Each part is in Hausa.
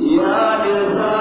Ya Ilham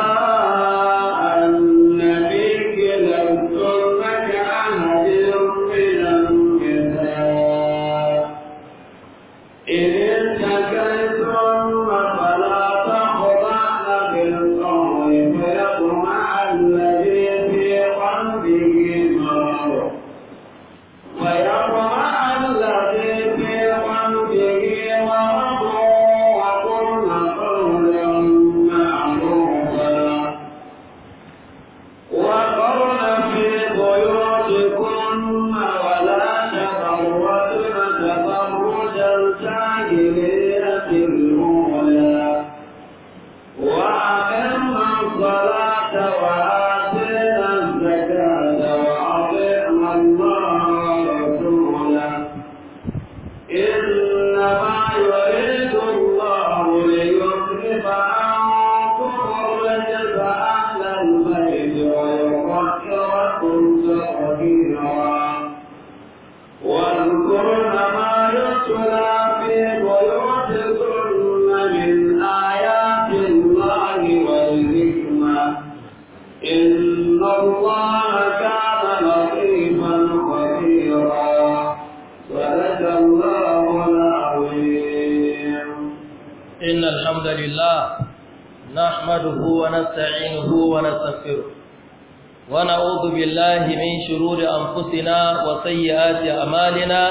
شرور أنفسنا وسيئات أمالنا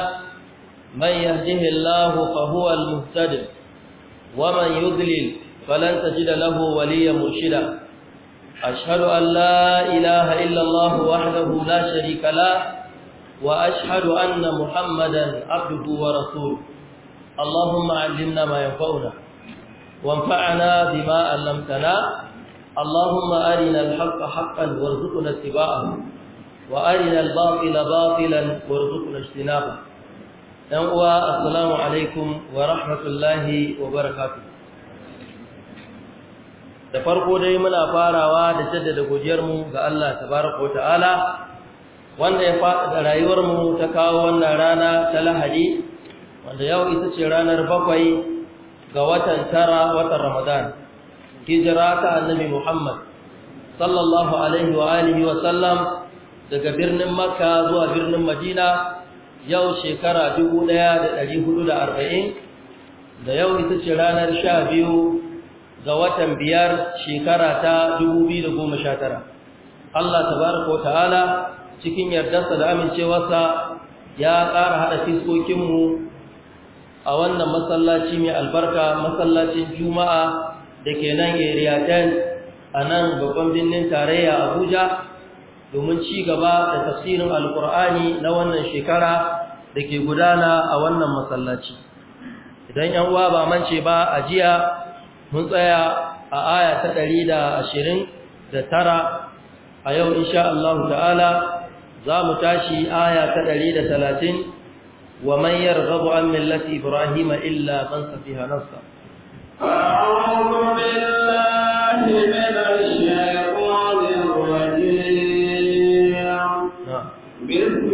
من يهده الله فهو المهتد ومن يضلل فلن تجد له وليا مرشدا أشهد أن لا إله إلا الله وحده لا شريك له وأشهد أن محمدا عبده ورسوله اللهم علمنا ما ينفعنا وانفعنا بما علمتنا اللهم أرنا الحق حقا وارزقنا اتباعه وأرنا الباطل باطلا وارزقنا اجتنابه dan uwa assalamu alaikum wa rahmatullahi wa barakatu. da farko dai muna farawa da jaddada godiyarmu ga Allah tabaraka wa ta'ala wanda ya rayuwar rayuwarmu ta kawo wannan rana ta lahadi wanda yau ita ce ranar bakwai ga watan tara watan ramadan hijira ta annabi muhammad sallallahu alaihi wa alihi wa sallam daga birnin makka zuwa birnin madina yau shekara 1440 da yau ita ce ranar 12 ga watan biyar shekara ta 2019 Allah tabaraka wataala cikin yardarsa da amincewarsa ya ƙara hada fiskokinmu a wannan masallaci mai albarka masallacin juma'a da ke nan area 10 a nan babban birnin tarayya abuja domin ci gaba da tafsirin alkur'ani na wannan shekara da ke gudana a wannan masallaci idan yan uwa ba mance ba a jiya mun tsaya a aya ta ɗari da ashirin da tara a yau insha Allah ta'ala za mu tashi aya ta ɗari da talatin wa man yarghabu an millati ibrahima illa man safiha nafsa أعوذ بالله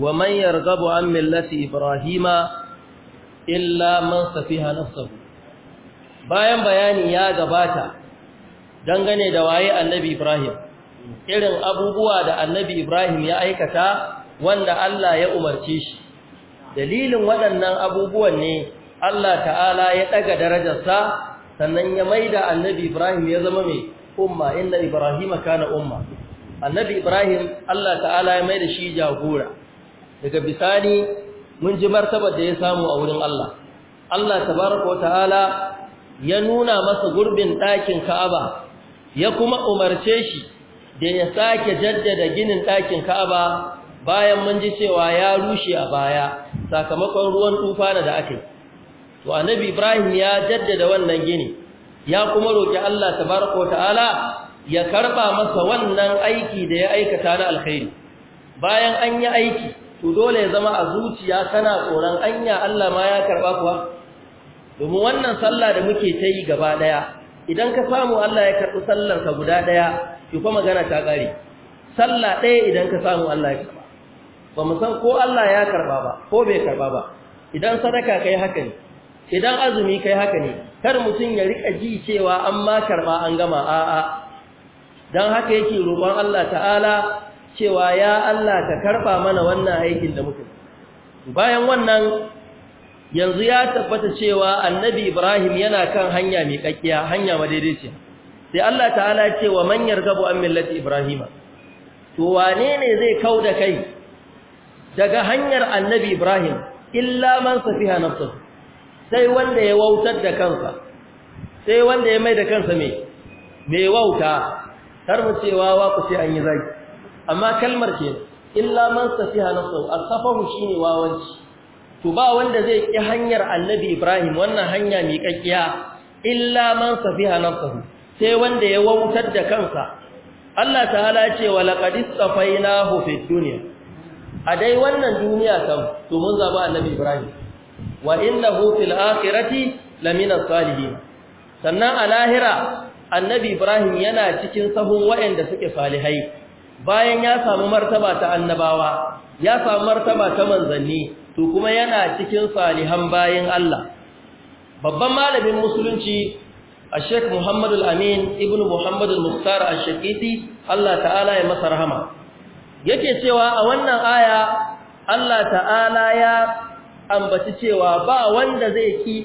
ومن يرغب عن ملة إبراهيم إلا من سفيها نفسه bayan bayani ya gabata dangane da waye annabi Ibrahim irin abubuwa da annabi Ibrahim ya aikata wanda Allah ya umarce shi dalilin waɗannan abubuwan ne Allah ta'ala ya ɗaga darajarsa sannan ya maida annabi Ibrahim ya zama mai umma inna Ibrahima kana umma annabi Ibrahim Allah ta'ala ya maida shi jagora daga bisani mun ji martabar da ya samu a wurin Allah Allah tabaraka wa ta'ala ya nuna masa gurbin ɗakin Ka'aba ya kuma umarce shi da ya sake jaddada ginin ɗakin Ka'aba bayan mun ji cewa ya rushe a baya sakamakon ruwan tufana da aka to annabi Ibrahim ya jaddada wannan gini ya kuma roki Allah tabaraka wa ta'ala ya karba masa wannan aiki da ya aikata na alkhairi bayan an yi aiki to dole ya zama a zuciya kana tsoron anya Allah ma ya karba kuwa domin wannan sallah da muke ta yi gaba daya idan ka samu Allah ya karbi sallar ka guda daya ki kuma magana ta kare sallah daya idan ka samu Allah ya karba ba mu san ko Allah ya karba ba ko bai karba ba idan sadaka kai haka ne idan azumi kai haka ne kar mutun ya rika ji cewa an ma karba an gama a'a dan haka yake roƙon Allah ta'ala cewa ya Allah ka karba mana wannan aikin da muka bayan wannan yanzu ya tabbata cewa annabi Ibrahim yana kan hanya mai kakkiya hanya madaidaici sai Allah ta'ala ce wa man yarghabu an millati Ibrahima. to wane ne zai kauda kai daga hanyar annabi Ibrahim illa man safiha nafsuhu sai wanda ya wautar da kansa sai wanda ya mai da kansa mai mai wauta har mu cewa wa ku sai an yi zaki amma kalmar ke illa man safiha nafsahu asafahu shine wawanci to ba wanda zai ki hanyar annabi ibrahim wannan hanya mai kakkiya illa man safiha nafsahu sai wanda ya wautar da kansa Allah ta'ala ce wa laqad istafainahu fid dunya a dai wannan duniya kam to mun zaba annabi ibrahim wa innahu fil akhirati lamina salihin sannan a lahira annabi ibrahim yana cikin sahun waɗanda suke salihai bayan ya samu martaba ta annabawa ya samu martaba ta manzanni to kuma yana cikin salihan bayan Allah babban malamin musulunci a Sheikh Muhammad al-Amin ibn Muhammad al-Mukhtar al-Shaqiti Allah ta'ala ya masa rahama yake cewa a wannan aya Allah ta'ala ya ambaci cewa ba wanda zai ki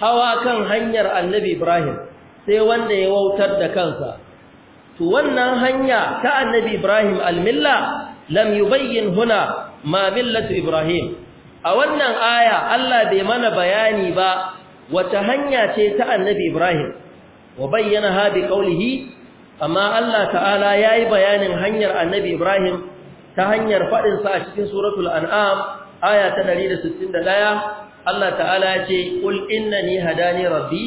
hawa kan hanyar Annabi Ibrahim sai wanda ya wautar da kansa to wannan hanya ta annabi Ibrahim Almilla, milla lam yubayyin huna ma millatu Ibrahim a wannan aya Allah bai mana bayani ba wata hanya ce ta annabi Ibrahim wa bayyana ha bi qawlihi amma Allah ta'ala yayi bayanin hanyar annabi Ibrahim ta hanyar fadin sa a cikin suratul an'am aya ta 161 Allah ta'ala ya ce qul innani hadani rabbi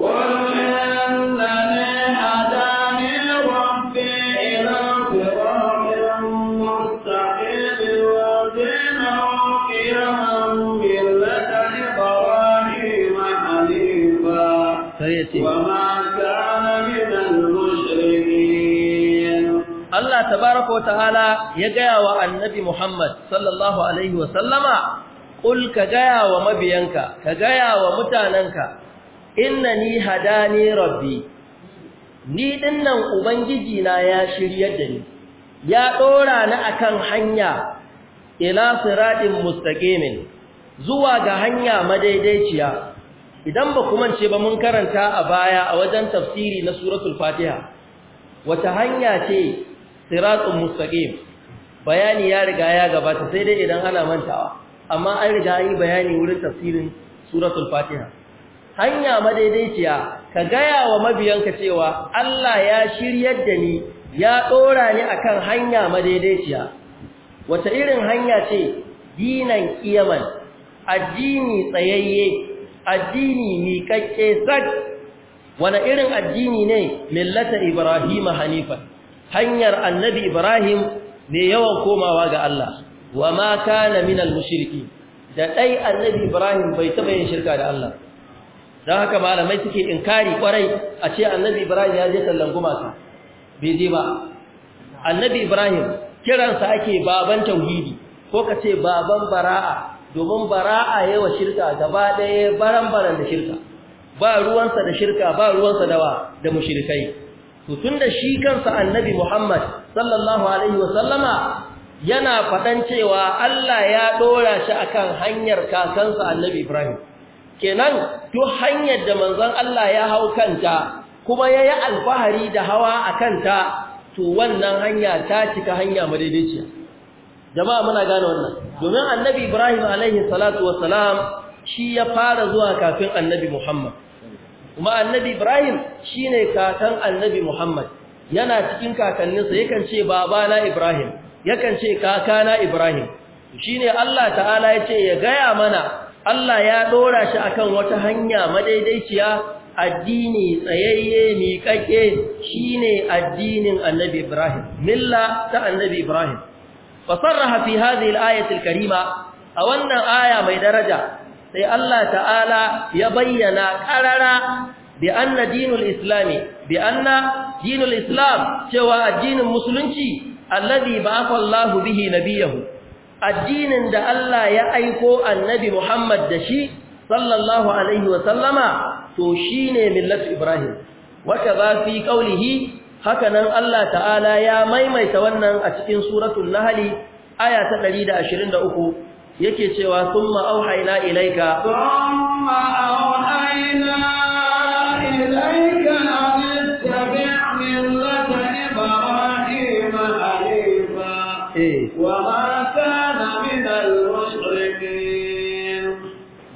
qul innani hadani ce. Allah tabaraka hala ya gaya wa annabi Muhammad sallallahu Alaihi wasallama, Ƙul ka gaya wa mabiyanka, ka gaya wa mutanenka, inna ni hada ni rabbi, ni dinnan Ubangiji na ya shirya da ni, ya ɗora ni a kan hanya Ina siraɗin mustaƙe zuwa ga hanya madaidaiciya. idan ba ku mance ba mun karanta a baya a wajen tafsiri na suratul fatiha wata hanya ce siratun mustaqim bayani ya riga ya gabata sai dai idan ana mantawa amma an riga an yi bayani wurin tafsirin suratul fatiha hanya madaidaiciya ka gaya wa mabiyanka cewa Allah ya shiryar da ni ya ɗora ni akan hanya madaidaiciya wata irin hanya ce dinan kiyaman addini tsayayye addini miƙaƙƙe zak wani irin addini ne millata ibrahim hanifa hanyar annabi ibrahim ne yawan komawa ga Allah wa ma kana minal mushriki da dai annabi ibrahim bai taba yin shirka da Allah dan haka malamai suke inkari kwarai a ce annabi ibrahim ya je sallan gumaka bai je ba annabi ibrahim kiransa ake baban tauhidi ko kace baban bara'a domin bara'a yawa shirka gaba ɗaya baran-baran da shirka ba ruwansa da shirka ba ruwansa dawa da mushrikai to tunda shi kansa annabi Muhammad sallallahu alaihi wasallama yana faɗan cewa Allah ya ɗora shi akan hanyar kakansa annabi Ibrahim kenan duk hanyar da manzon Allah ya hau kanta kuma yayi alfahari da hawa a kanta, to wannan hanya ta cika hanya madaidaiciya jama'a muna gane wannan domin annabi ibrahim alaihi salatu wassalam shi ya fara zuwa kafin annabi muhammad kuma annabi ibrahim ne kakan annabi muhammad yana cikin kakanninsa yakan ce babana ibrahim yakan ce kakana ibrahim shine allah ta'ala ya ce ya gaya mana allah ya ɗora shi akan wata hanya madaidaiciya addini tsayayye miƙaƙe shine addinin annabi ibrahim milla ta annabi ibrahim fasarraha fi hadhihi al-ayati al-karima a wannan aya mai daraja sai Allah ta'ala ya bayyana karara bi anna dinul islami bi anna dinul islam cewa addinin musulunci alladhi ba'atha Allah bihi nabiyahu addinin da Allah ya aiko annabi Muhammad da shi sallallahu alaihi wa sallama to shine millatu ibrahim wa kaza fi qawlihi haka nan Allah ta'ala ya maimaita wannan a cikin suratul nahli aya ta 123 yake cewa summa auhayna ilayka summa auhayna ilayka eh.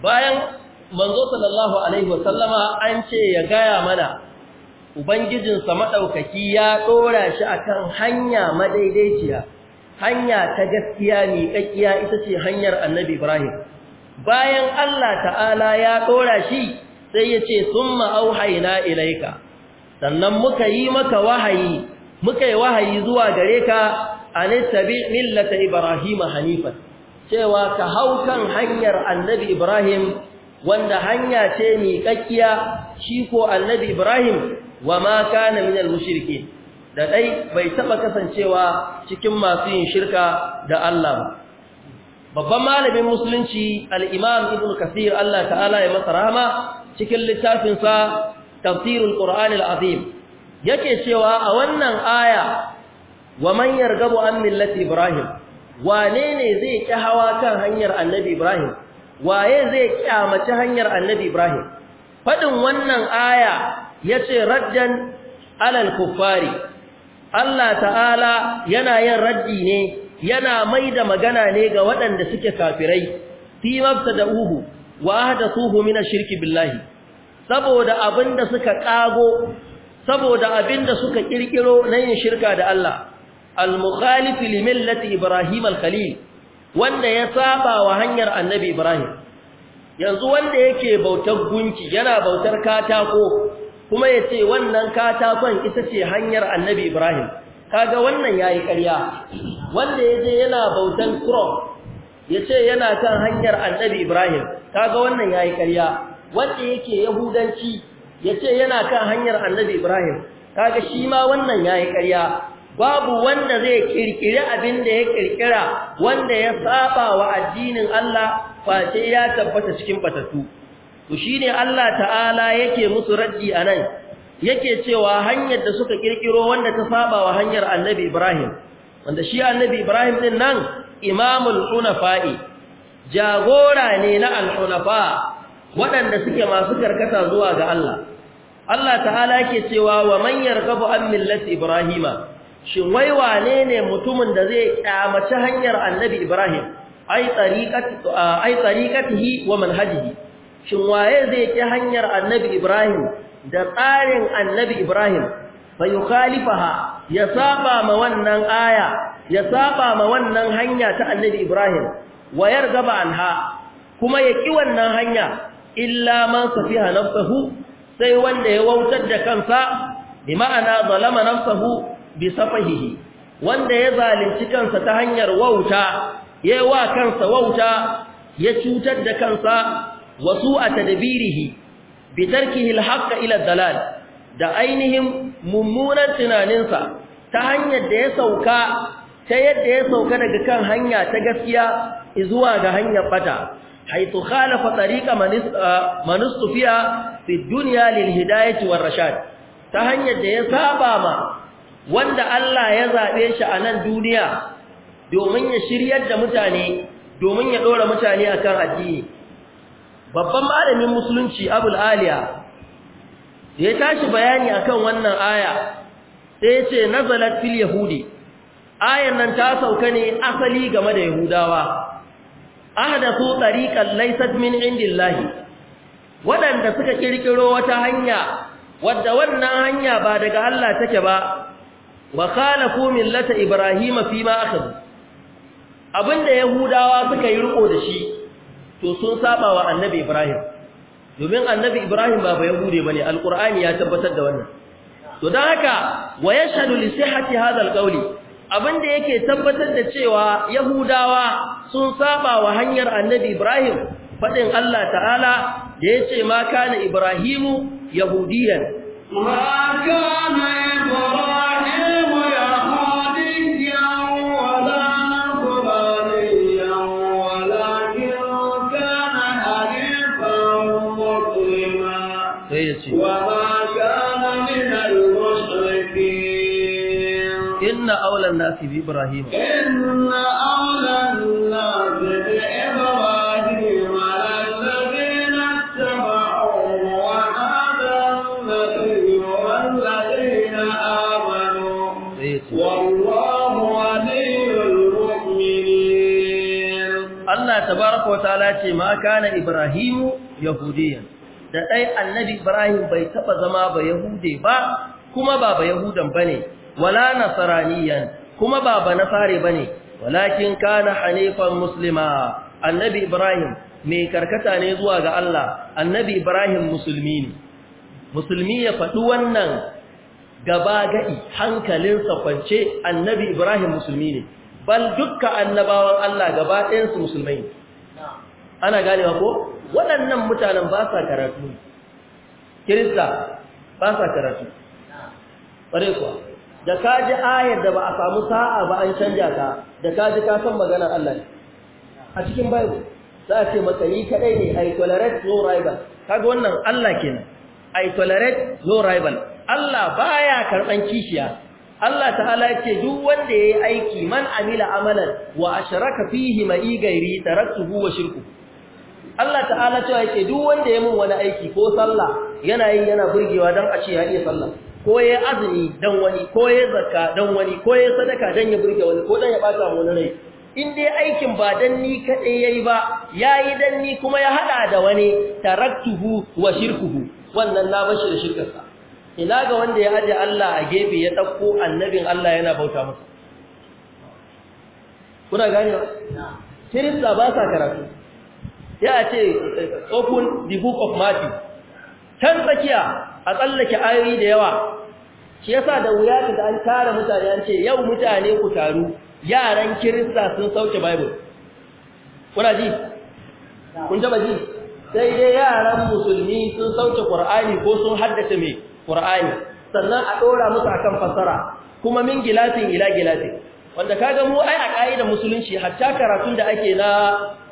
bayan manzo sallallahu alaihi wasallama an ce ya gaya mana Ubangijinsa maɗaukaki ya ɗora shi a kan hanya madaidaiciya, hanya ta gaskiya miƙaƙƙiya ita ce hanyar annabi Ibrahim. Bayan Allah ta'ala ya ɗora shi sai ya ce, Sun ma'auhaina ilaika, sannan muka yi maka wahayi, muka yi wahayi zuwa gare ka a nittabi millata Ibrahim Hanifan, cewa ka hau kan hanyar annabi Ibrahim wanda hanya ce miƙaƙƙiya shi ko annabi Ibrahim wa ma kana min al-mushrikin da dai bai taba kasancewa cikin masu yin shirka da Allah ba babban malamin musulunci al-imam ibnu kathir Allah ta'ala ya masa rahama cikin littafin sa tafsirul qur'an al-azim yake cewa a wannan aya wa man yargabu an millati ibrahim wane ne zai ki hawa kan hanyar annabi ibrahim waye zai kyamaci hanyar annabi ibrahim fadin wannan aya Ya ce raddan alal kuffari Allah ta'ala yana yin raddi ne yana da magana ne ga waɗanda suke kafirai fi uhu, wa ahdathuhu min ash-shirki billahi saboda abinda suka kago saboda abinda suka ƙirƙiro na yin shirka da Allah al-mukhalif li ibrahim al-khalil wanda ya saba wa hanyar annabi ibrahim yanzu wanda yake bautar gunki yana bautar katako kuma ya ce wannan katakon ita ce hanyar annabi ibrahim kaga wannan ya yi ƙarya wanda ya je yana bautan kuro ya ce yana kan hanyar annabi ibrahim kaga wannan ya yi ƙarya wanda yake yahudanci ya ce yana kan hanyar annabi ibrahim kaga shi ma wannan ya yi ƙarya babu wanda zai kirkiri abin da ya kirkira wanda ya saba wa addinin allah face ya tabbata cikin batatu to shine Allah ta'ala yake musu raddi anan yake cewa hanyar da suka kirkiro wanda ta saba wa hanyar Annabi Ibrahim wanda shi Annabi Ibrahim din nan imamul hunafa'i jagora ne na al-hunafa waɗanda suke masu karkata zuwa ga Allah Allah ta'ala yake cewa wa man yarqabu an millati Ibrahima shin wai wane ne mutumin da zai kyamaci hanyar Annabi Ibrahim ai tariqati ai tariqatihi wa manhajihi shin waye zai ki hanyar annabi Ibrahim da tsarin annabi Ibrahim fayukhalifaha ya saba ma wannan aya ya saba ma wannan hanya ta annabi Ibrahim wayar gaba anha kuma ya ki wannan hanya illa man safiha nafsuhu sai wanda ya wautar da kansa bi ma'ana zalama nafsuhu bi safahihi wanda ya zalunci kansa ta hanyar wauta yayi wa kansa wauta ya cutar da kansa wasu a tadbirihi bi tarkihi ila dalal da ainihin mummunan tunaninsa ta hanyar da ya sauka ta yadda ya sauka daga kan hanya ta gaskiya zuwa ga hanyar bata haitu khalafa tariqa man istufiya fi dunya lil hidayati war rashad ta hanyar da ya saba ma wanda Allah ya zabe shi a nan duniya domin ya shiryar da mutane domin ya dora mutane akan addini babban malamin musulunci abul aliya ya tashi bayani akan wannan aya sai ya ce nazalat fil yahudi ayan nan ta sauka ne asali game da yahudawa ahdathu tariqan laysat min indillahi wadanda suka kirkiro wata hanya wadda wannan hanya ba daga Allah take ba wa khalafu millata ibrahima fi ma abinda yahudawa suka yi riko da shi to sun saba wa annabi Ibrahim domin annabi Ibrahim ba bayahude bane alqur'ani ya tabbatar da wannan to dan haka wa yashhadu li sihhati hadha alqawli abinda yake tabbatar da cewa yahudawa sun saba wa hanyar annabi Ibrahim fadin Allah ta'ala da yace ma kana ibrahimu yahudiyan ma kana ibrahimu أولى الناس بإبراهيم إن أولى الناس بإبراهيم الذين اتبعوه وهذا النبي والذين آمنوا والله ولي المؤمنين الله تبارك وتعالى ما كان إبراهيم يهوديا da dai annabi Ibrahim bai taba zama ba Yahude ba kuma ba ba Yahudan bane wala nasaraniyan, kuma ba ba nasare bane walakin kana hanifan muslima annabi ibrahim mai karkata ne zuwa ga Allah annabi ibrahim musulmi ne musulmi ya faɗi wannan gaba gadi hankalinsa kwance annabi ibrahim musulmi ne bal dukkan annabawan Allah gaba ɗayan su musulmai ana ganewa ko waɗannan mutanen ba sa karatu kirista ba sa karatu ƙware kuwa da ka ji ayar da ba a samu sa'a ba an canja ta da kaji ka san maganar Allah ne a cikin bible za a ce matsayi kaɗai ne i tolerate no rival kaga wannan Allah kenan i tolerate no rival Allah baya karban kishiya Allah ta'ala ce duk wanda yayi aiki man amila amalan wa ashraka fihi ma'i gairi taraktuhu wa shirku Allah ta'ala cewa yake duk wanda ya mun wani aiki ko sallah yana yi yana burgewa dan a ce ya iya sallah ko ya azumi dan wani ko ya zakka dan wani ko ya sadaka dan ya burge wani ko dan ya bata wani rai in dai aikin ba dan ni kadai yayi ba yayi dan ni kuma ya haɗa da wani taraktuhu wa shirkuhu wannan na bashi da shirkarsa ina ga wanda ya ajiye Allah a gefe ya ɗauko annabin Allah yana bauta masa kuna gane ba kirista ba karatu ya ce open the book of matthew can tsakiya a tsallake ayoyi da yawa shi yasa da wuya da an tara mutane an ce yau mutane ku taru yaran kirista sun sauke bible kuna ji kun taba ji sai dai yaran musulmi sun sauke Kur'ani ko sun haddace mai qur'ani sannan a ɗora musu akan fasara kuma min gilatin ila gilatin wanda kaga mu ai a kaida musulunci hatta karatun da ake na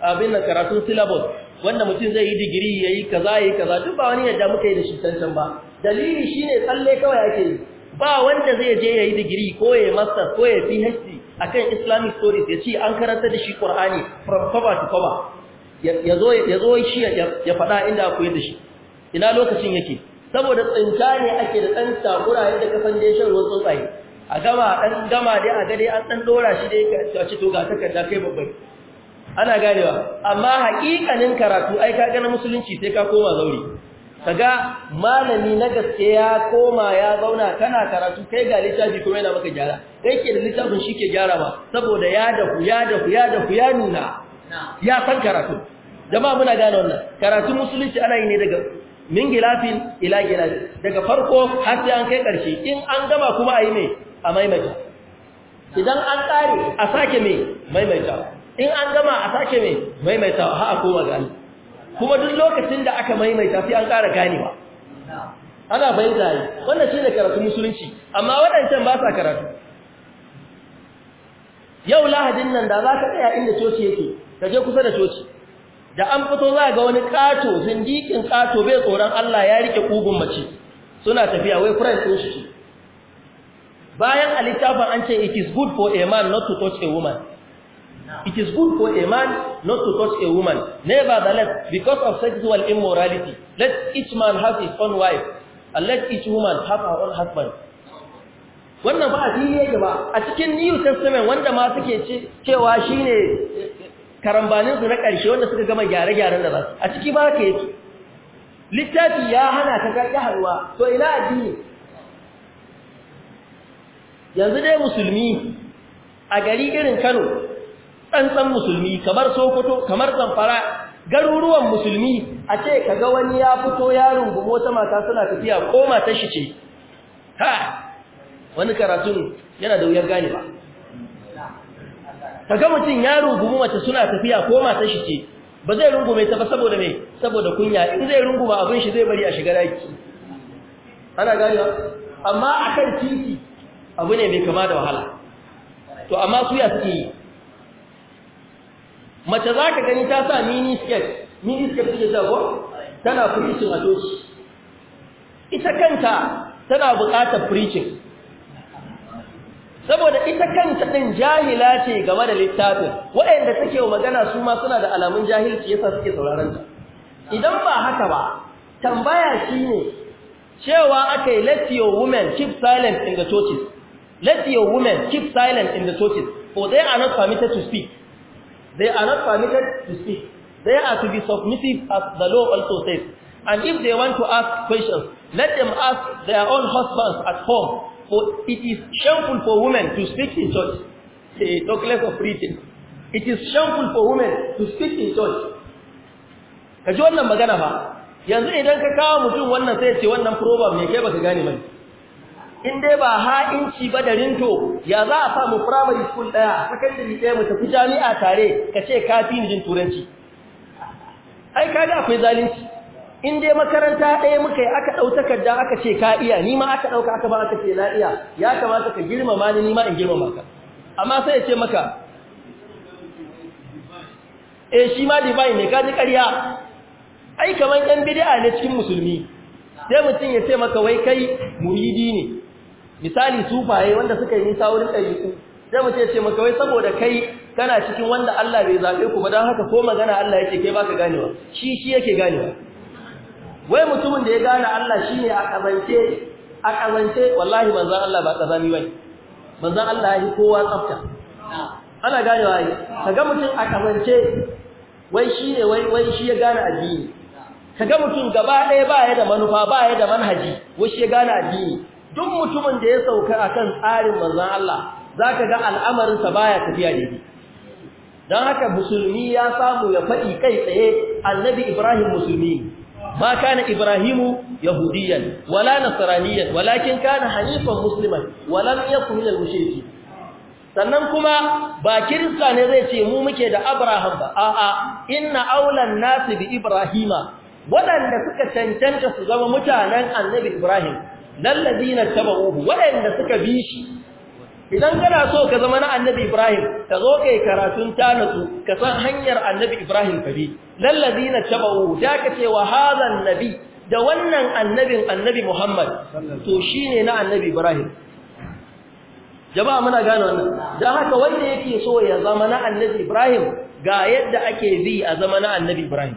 abin nan karatun syllabus wanda mutum zai yi digiri yayi kaza yayi kaza duk ba wani yadda muka yi da shi tantan ba dalili shi ne tsalle kawai ake yi ba wanda zai je ya yi digiri ko ya yi masters ko ya yi PhD kan Islamic stories ya ce an karanta da shi Qur'ani from cover to cover ya zo shi ya faɗa inda akwai da shi ina lokacin yake saboda tsinta ne ake da ɗan takura yadda ka san dai shan ruwan tsuntsaye a gama ɗan gama dai a gade an ɗan ɗora shi dai a ci to ga takarda kai babbai ana ganewa amma haƙiƙanin karatu ai ka gana musulunci sai ka koma zauri kaga malami na gaske ya koma ya zauna kana karatu kai ga littafi kuma yana maka gyara kai ke da littafin shi ke gyara ba saboda ya dafu ya dafu ya dafu ya nuna ya san karatu jama'a muna gane wannan karatu musulunci ana yi ne daga min gilafin ila gilafin daga farko har sai an kai karshe in an gama kuma a yi mai a maimaita idan an tsare a sake me maimaita in an gama a sake me maimaita ha a koma ga Allah kuma duk lokacin da aka maimaita sai an ƙara ganewa ana bayyana yi wannan shine karatu musulunci amma waɗancan ba sa karatu yau lahadin nan da za ka tsaya inda coci yake ka je kusa da coci da an fito za ga wani kato zindikin kato bai tsoron Allah ya rike kugun mace suna tafiya wai friend din shi bayan a littafin an ce it is good for a man not to touch a woman It is good for a man not to touch a woman. Nevertheless, because of sexual immorality, let each man have his own wife and let each woman have her own husband. Wannan ba a fili yake ba, a cikin New Testament wanda ma suke cewa shi ne karambaninsu na ƙarshe wanda suka gama gyare-gyaren da ba su, a ciki ba ka yake. Littafi ya hana ka ƙarƙi haruwa, to ina addini. Yanzu dai musulmi a gari irin Kano, tsantsan musulmi kamar sokoto kamar zamfara garuruwan musulmi a ce ka ga wani ya fito ya rungumi ta mata suna tafiya ko matar shi ce ha wani karatun yana da wuyar gane ba ga mutum ya rungumi mace suna tafiya ko matar shi ce ba zai rungume ta ba saboda me saboda kunya in zai runguma abin shi zai bari a shiga daki ana gane amma akan titi abu ne mai kama da wahala to amma su suke yi mace za ka gani ta sa mini skirt mini skirt suke sa ko tana preaching a toci ita kanta tana buƙatar preaching saboda ita kanta din jahila ce game da littafin waɗanda take wa magana su ma suna da alamun jahilci yasa suke sauraron ta idan ba haka ba tambaya shine cewa akai let your women keep silent in the churches let your women keep silent in the churches for they are not permitted to speak They are not permitted to speak. They are to be submissive as the law also says. And if they want to ask questions, let them ask their own husbands at home. For it is shameful for women to speak in church. Say, talk less of preaching. It is shameful for women to speak in church. Ka ji wannan magana ba, yanzu idan ka kawo mutum wannan sai ce wannan proverb ne kai baka gane mai. in dai ba ha'inci ba da rinto ya za a samu primary school daya secondary daya mu tafi jami'a tare ka ce ka fi ni jin turanci ai kaga akwai zalunci in dai makaranta ɗaya muka yi aka ɗau takarda aka ce ka iya ni ma aka ɗauka aka ba aka ce na iya ya kamata ka girmama ni ni ma in girmama ka amma sai ya ce maka eh shi ma divine ne ka ji ƙarya ai kaman ɗan bid'a ne cikin musulmi sai mutum ya ce maka wai kai muridi ne misali sufaye wanda suka yi nisa wurin ɗabi'u sai mu ce maka wai saboda kai kana cikin wanda Allah bai zaɓe ku ba don haka ko magana Allah yake kai baka ganewa shi shi yake ganewa wai mutumin da ya gane Allah shi ne a ƙazance a ƙazance wallahi manzan Allah ba ƙazami bane manzan Allah ya yi kowa tsafta ana ganewa ka ga mutum a ƙazance wai shi ne wai shi ya gane addini Ka ga mutum gaba ɗaya ba ya da manufa ba ya da manhaji wai shi ya gane addini duk mutumin da ya sauka akan tsarin manzon Allah zaka ga al'amarin sa baya tafiya daidai dan haka musulmi ya samu ya faɗi kai tsaye annabi Ibrahim musulmi ma kana Ibrahimu yahudiyan wala nasraniyan walakin kana hanifan musliman walam yakun minal mushrikin sannan kuma ba kirista ne zai ce mu muke da Abraham ba a'a inna aulan nasi bi Ibrahima waɗanda suka cancanta su zama mutanen Annabi Ibrahim lallazina tabauhu waɗanda suka bi shi idan kana so ka zama na annabi ibrahim ka zo kai karatun ta natsu ka san hanyar annabi ibrahim ka bi lallazina tabauhu da ka ce wa hadha annabi da wannan annabin annabi muhammad to shine na annabi ibrahim jama'a muna gane wannan dan haka wanda yake so ya zama na annabi ibrahim ga yadda ake bi a zama na annabi ibrahim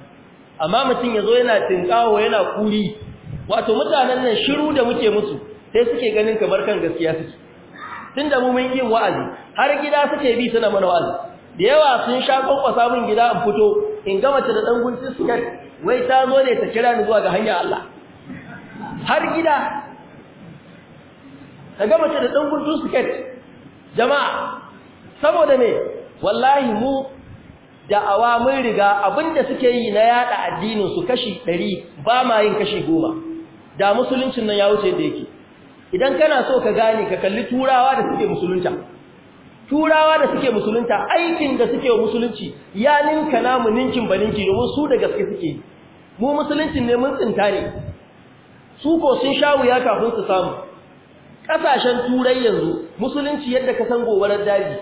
amma mutum yazo yana tinkawo yana kuri wato mutanen nan shiru da muke musu sai suke ganin kamar kan gaskiya suke tunda mu mun yi wa'azi har gida suke bi suna mana wa'azi da yawa sun sha kokkosa mun gida in fito in ga mace da dan guntun suke wai ta zo ne ta kira ni zuwa ga hanya Allah har gida ta ga mace da dan guntun suke jama'a saboda me wallahi mu da'awa mun riga abinda suke yi na yada addinin su kashi 100 ba ma yin kashi 10 da musuluncin nan ya wuce da yake idan kana so ka gane ka kalli turawa da suke musulunta turawa da suke musulunta aikin da suke musulunci ya ninka namu ninkin baninki domin su da gaske suke mu musuluncin ne mun tsinta ne su ko sun sha wuya kafin su samu kasashen turai yanzu musulunci yadda ka san gobarar daji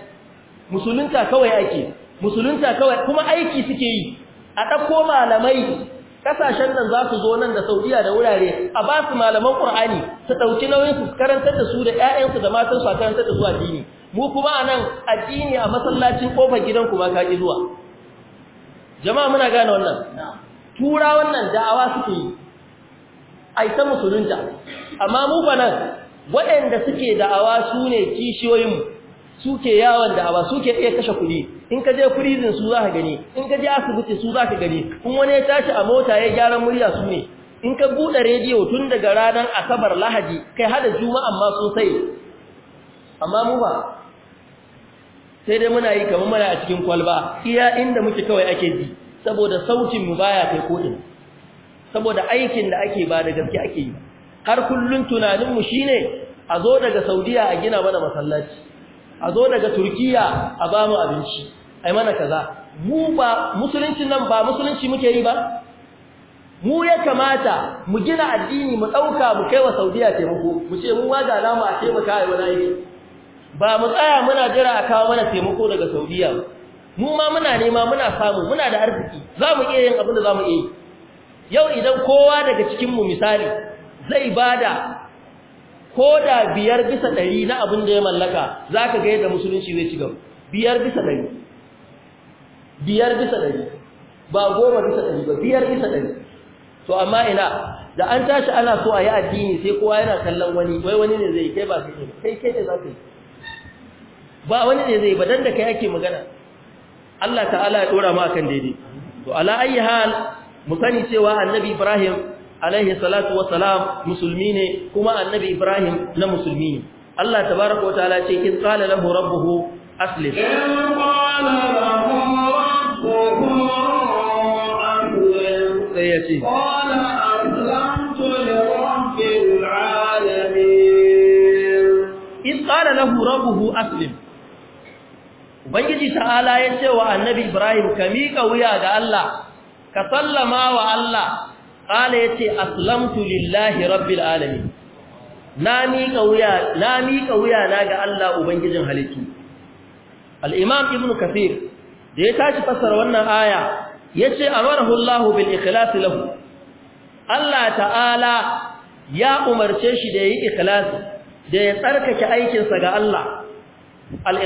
musulunta kawai ake musulunta kawai kuma aiki suke yi a ɗauko malamai kasashen nan za su zo nan da Saudiya da wurare a ba su malaman Qur'ani su ɗauki nauyin su karantar da su da 'ya'yansu da matan su a karantar da su a dini mu kuma a addini a masallacin kofar gidan ku ba ka ƙi zuwa jama'a muna gane wannan tura wannan da'awa suke yi ai ta musulunta amma mu ba nan waɗanda suke da'awa su ne mu. suke yawon da'awa suke iya kashe kuɗi in ka je prison su za ka gani in ka je asibiti su za ka gani in wani ya tashi a mota ya gyaran murya su ne in ka buɗe rediyo tun daga ranar asabar lahadi kai hada juma'a ma sosai amma mu ba sai dai muna yi kamar muna a cikin kwalba iya inda muke kawai ake ji saboda sautin mu baya kai kodin saboda aikin da ake ba da gaske ake yi har kullun tunanin mu shine a zo daga Saudiya a gina mana masallaci a zo daga turkiya a ba mu abinci ai mana kaza mu ba musulunci nan ba musulunci muke yi ba mu ya kamata mu gina addini mu ɗauka mu kai wa saudiya taimako mu ce mu waje ga namu a taimaka ai wani aiki ba mu tsaya muna jira a kawo mana taimako daga saudiya mu ma muna nema muna samu muna da arziki za mu iya yin abin da za mu iya yi yau idan kowa daga cikin mu misali zai bada ko da biyar bisa ɗari na abin da ya mallaka za ka ga yadda musulunci zai ci gaba biyar bisa ɗari biyar bisa ɗari ba goma bisa ɗari ba biyar bisa ɗari to amma ina da an tashi ana so a yi addini sai kowa yana kallon wani wai wani ne zai kai ba su ne kai kai ne za ka yi ba wani ne zai ba dan da kai ake magana Allah ta'ala ya dora mu akan daidai to ala ayyi hal mu sani cewa annabi Ibrahim alaihi salatu wa salam musulmi ne kuma annabi ibrahim na musulmi ne Allah tabaraka wa ta'ala ce in qala lahu rabbuhu aslim sai ya ce in qala lahu rabbuhu aslim ubangiji ta'ala ya ce wa annabi ibrahim ka miƙa wuya ga Allah ka sallama wa Allah qala yace aslamtu lillahi rabbil alamin na miƙa wuya na ga Allah ubangijin halittu Al'imam ibn kathir da ya tashi fassara wannan aya yace amarahu Allah bil ikhlas lahu Allah ta'ala ya umarce shi da yi ikhlas da ya tsarkake aikinsa ga Allah al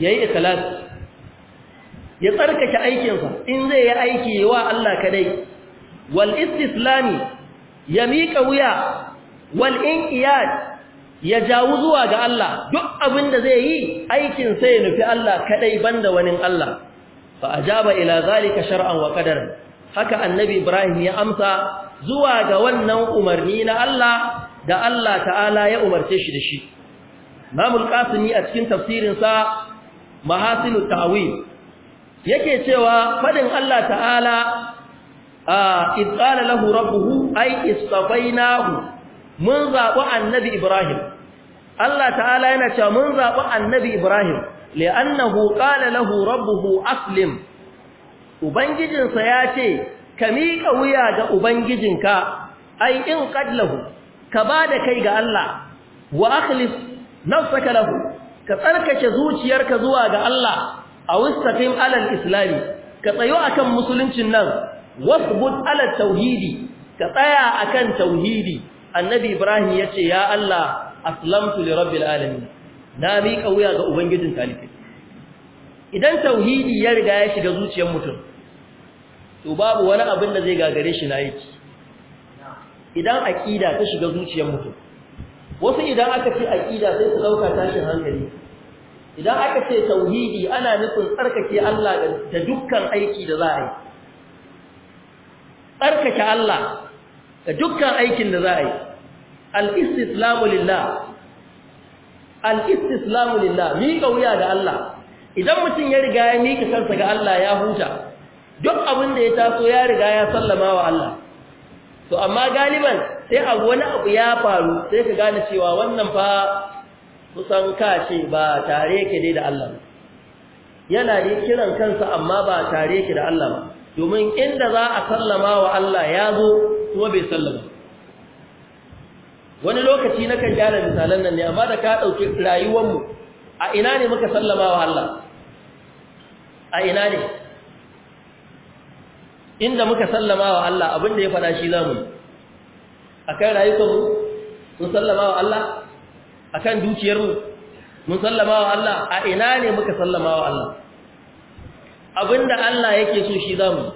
ya yi ikhlas ya tsarkake aikinsa in zai yi aiki wa Allah kadai wal istislami ya miƙa wuya wal inqiyad ya jawo zuwa ga Allah duk abin da zai yi aikin sai ya nufi Allah kadai banda wani Allah fa ajaba ila zalika shar'an wa qadaran haka annabi Ibrahim ya amsa zuwa ga wannan umarni na Allah da Allah ta'ala ya umarce shi da shi Imam qasimi a cikin tafsirin sa Mahasilut Ta'wil yake cewa fadin Allah ta'ala id qala lahu rabbuhu ay istafainahu mun zabi annabi Ibrahim Allah ta'ala yana cewa mun zabi annabi Ibrahim li'annahu qala lahu rabbuhu aslim ubangijinsa ya ce ka miƙa wuya ga ubangijinka ai in qad lahu ka bada kai ga Allah wa akhlis nafsaka lahu ka tsarkake zuciyarka zuwa ga Allah A istaqim ala islami ka tsayo akan musuluncin nan wasbut ala tauhidi ka tsaya akan tauhidi annabi ibrahim ya ce, ya allah aslamtu li rabbil alamin na miƙa wuya ga ubangijin talifi idan tauhidi ya riga ya shiga zuciyar mutum to babu wani abin da zai gagare shi na idan aqida ta shiga zuciyar mutum wasu idan aka ce aqida sai su dauka tashin hankali idan aka ce tauhidi ana nufin tsarkake Allah da dukkan aiki da za a yi tsarkake Allah da dukkan aikin da za a yi al-istislamu lillah al-istislamu lillah miƙa wuya da Allah idan mutum ya riga ya miƙa kansa ga Allah ya huta duk abin da ya taso ya riga ya sallama wa Allah to amma galiban sai abu wani abu ya faru sai ka gane cewa wannan fa kusan ka ce ba tare ke dai da Allah yana dai kiran kansa amma ba tare ke da Allah domin inda za a sallama wa Allah ya zo kuma bai sallama wani lokaci na kan gyara misalan nan ne amma da ka ɗauki mu, a ina ne muka sallama wa Allah a ina ne inda muka sallama wa Allah abinda ya faɗa shi zamu kan rayukanmu sun sallama wa Allah akan dukiyar mu mun sallama wa Allah a ina ne muka sallama wa Allah abinda Allah yake so shi zamu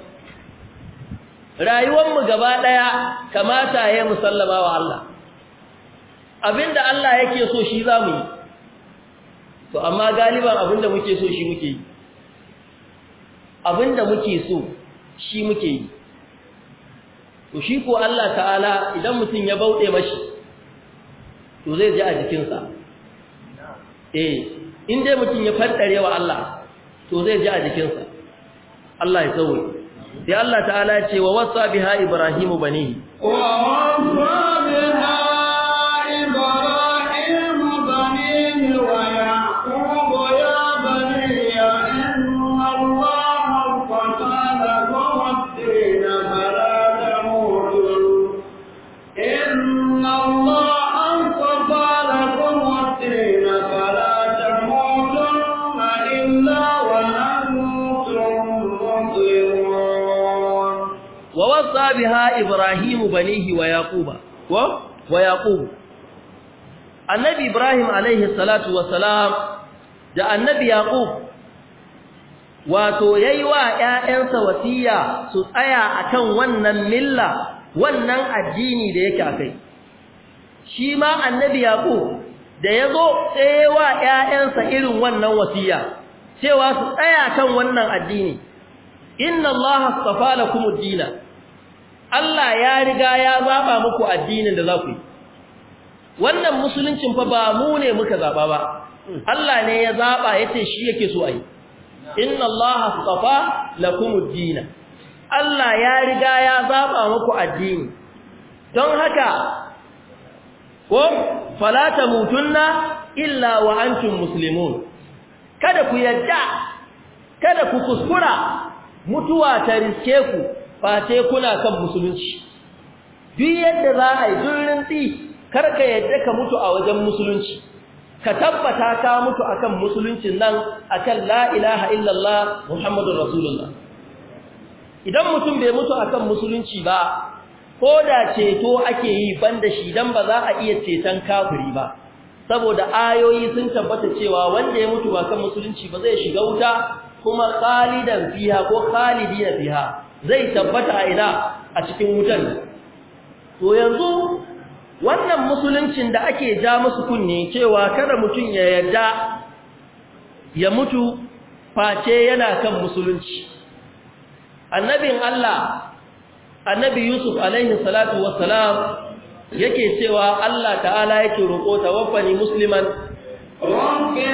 rayuwar mu gaba daya kamata ya mu sallama wa Allah abinda Allah yake so shi zamu yi to amma galiban abinda muke so shi muke yi abinda muke so shi muke yi to shi ko Allah ta'ala idan mutum ya bauɗe mashi to zai ji a jikinsa eh in dai mutum ya fantare wa Allah to zai ji a jikinsa Allah ya sauri. sai Allah ta'ala ya ce wa wasa biha ibrahimu banihi wa wasa wasfa biha ibrahim banihi wa yaquba wa wa yaqub annabi ibrahim alaihi salatu wassalam da annabi yaqub wato yayi wa ƴaƴansa wasiya su tsaya akan wannan milla wannan addini da yake akai shi ma annabi yaqub da yazo wa ƴaƴansa irin wannan wasiya cewa su tsaya kan wannan addini inna allaha astafa lakum ad-dina Allah ya riga ya zaba muku addinin da za ku yi wannan musuluncin fa ba mu ne muka zaba ba Allah ne ya zaba yace shi yake so ayi inna Allah astafa lakum ad-din Allah ya riga ya zaba muku addini don haka ko fala tamutunna illa wa antum muslimun kada ku yadda kada ku kuskura mutuwa ta riske ku face kuna kan musulunci duk yadda za a yi durin tsi kar ka yadda ka mutu a wajen musulunci ka tabbata ka mutu akan musuluncin nan akan la ilaha illallah muhammadur rasulullah idan mutum bai mutu akan musulunci ba ko da ceto ake yi banda shi dan ba za a iya ceton kafiri ba saboda ayoyi sun tabbata cewa wanda ya mutu ba kan musulunci ba zai shiga wuta kuma khalidan fiha ko khalidina fiha zai tabbata a ina a cikin wutan to yanzu wannan musuluncin da ake ja musu kunne cewa kada mutum ya yadda ya mutu face yana kan musulunci annabin Allah annabi Yusuf alaihi salatu wassalam yake cewa Allah ta'ala yake roƙo tawaffani musliman rabbi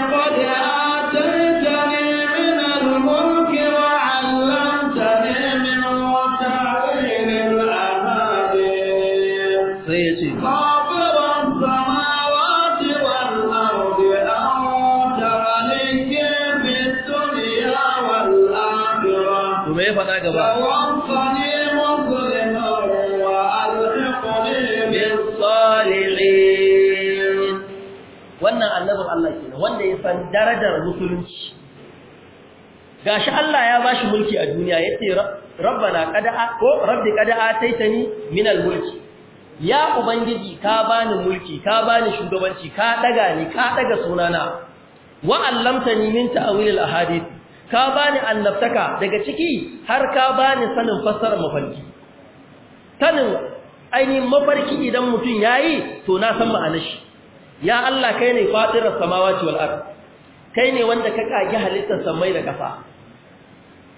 darajar musulunci gashi Allah ya ba shi mulki a duniya yace rabbana qad ko rabbi qad ataitani min al-mulki ya ubangiji ka bani mulki ka bani shugabanci ka daga ni ka daga sunana wa allamtani min ta'wil al-ahadith ka bani annabtaka daga ciki har ka bani sanin fassarar mafarki sanin ainihin mafarki idan mutum yayi to na san ma'anar shi ya Allah kai ne fatirar samawati wal ardh kai ne wanda ka kage halittar samai da kafa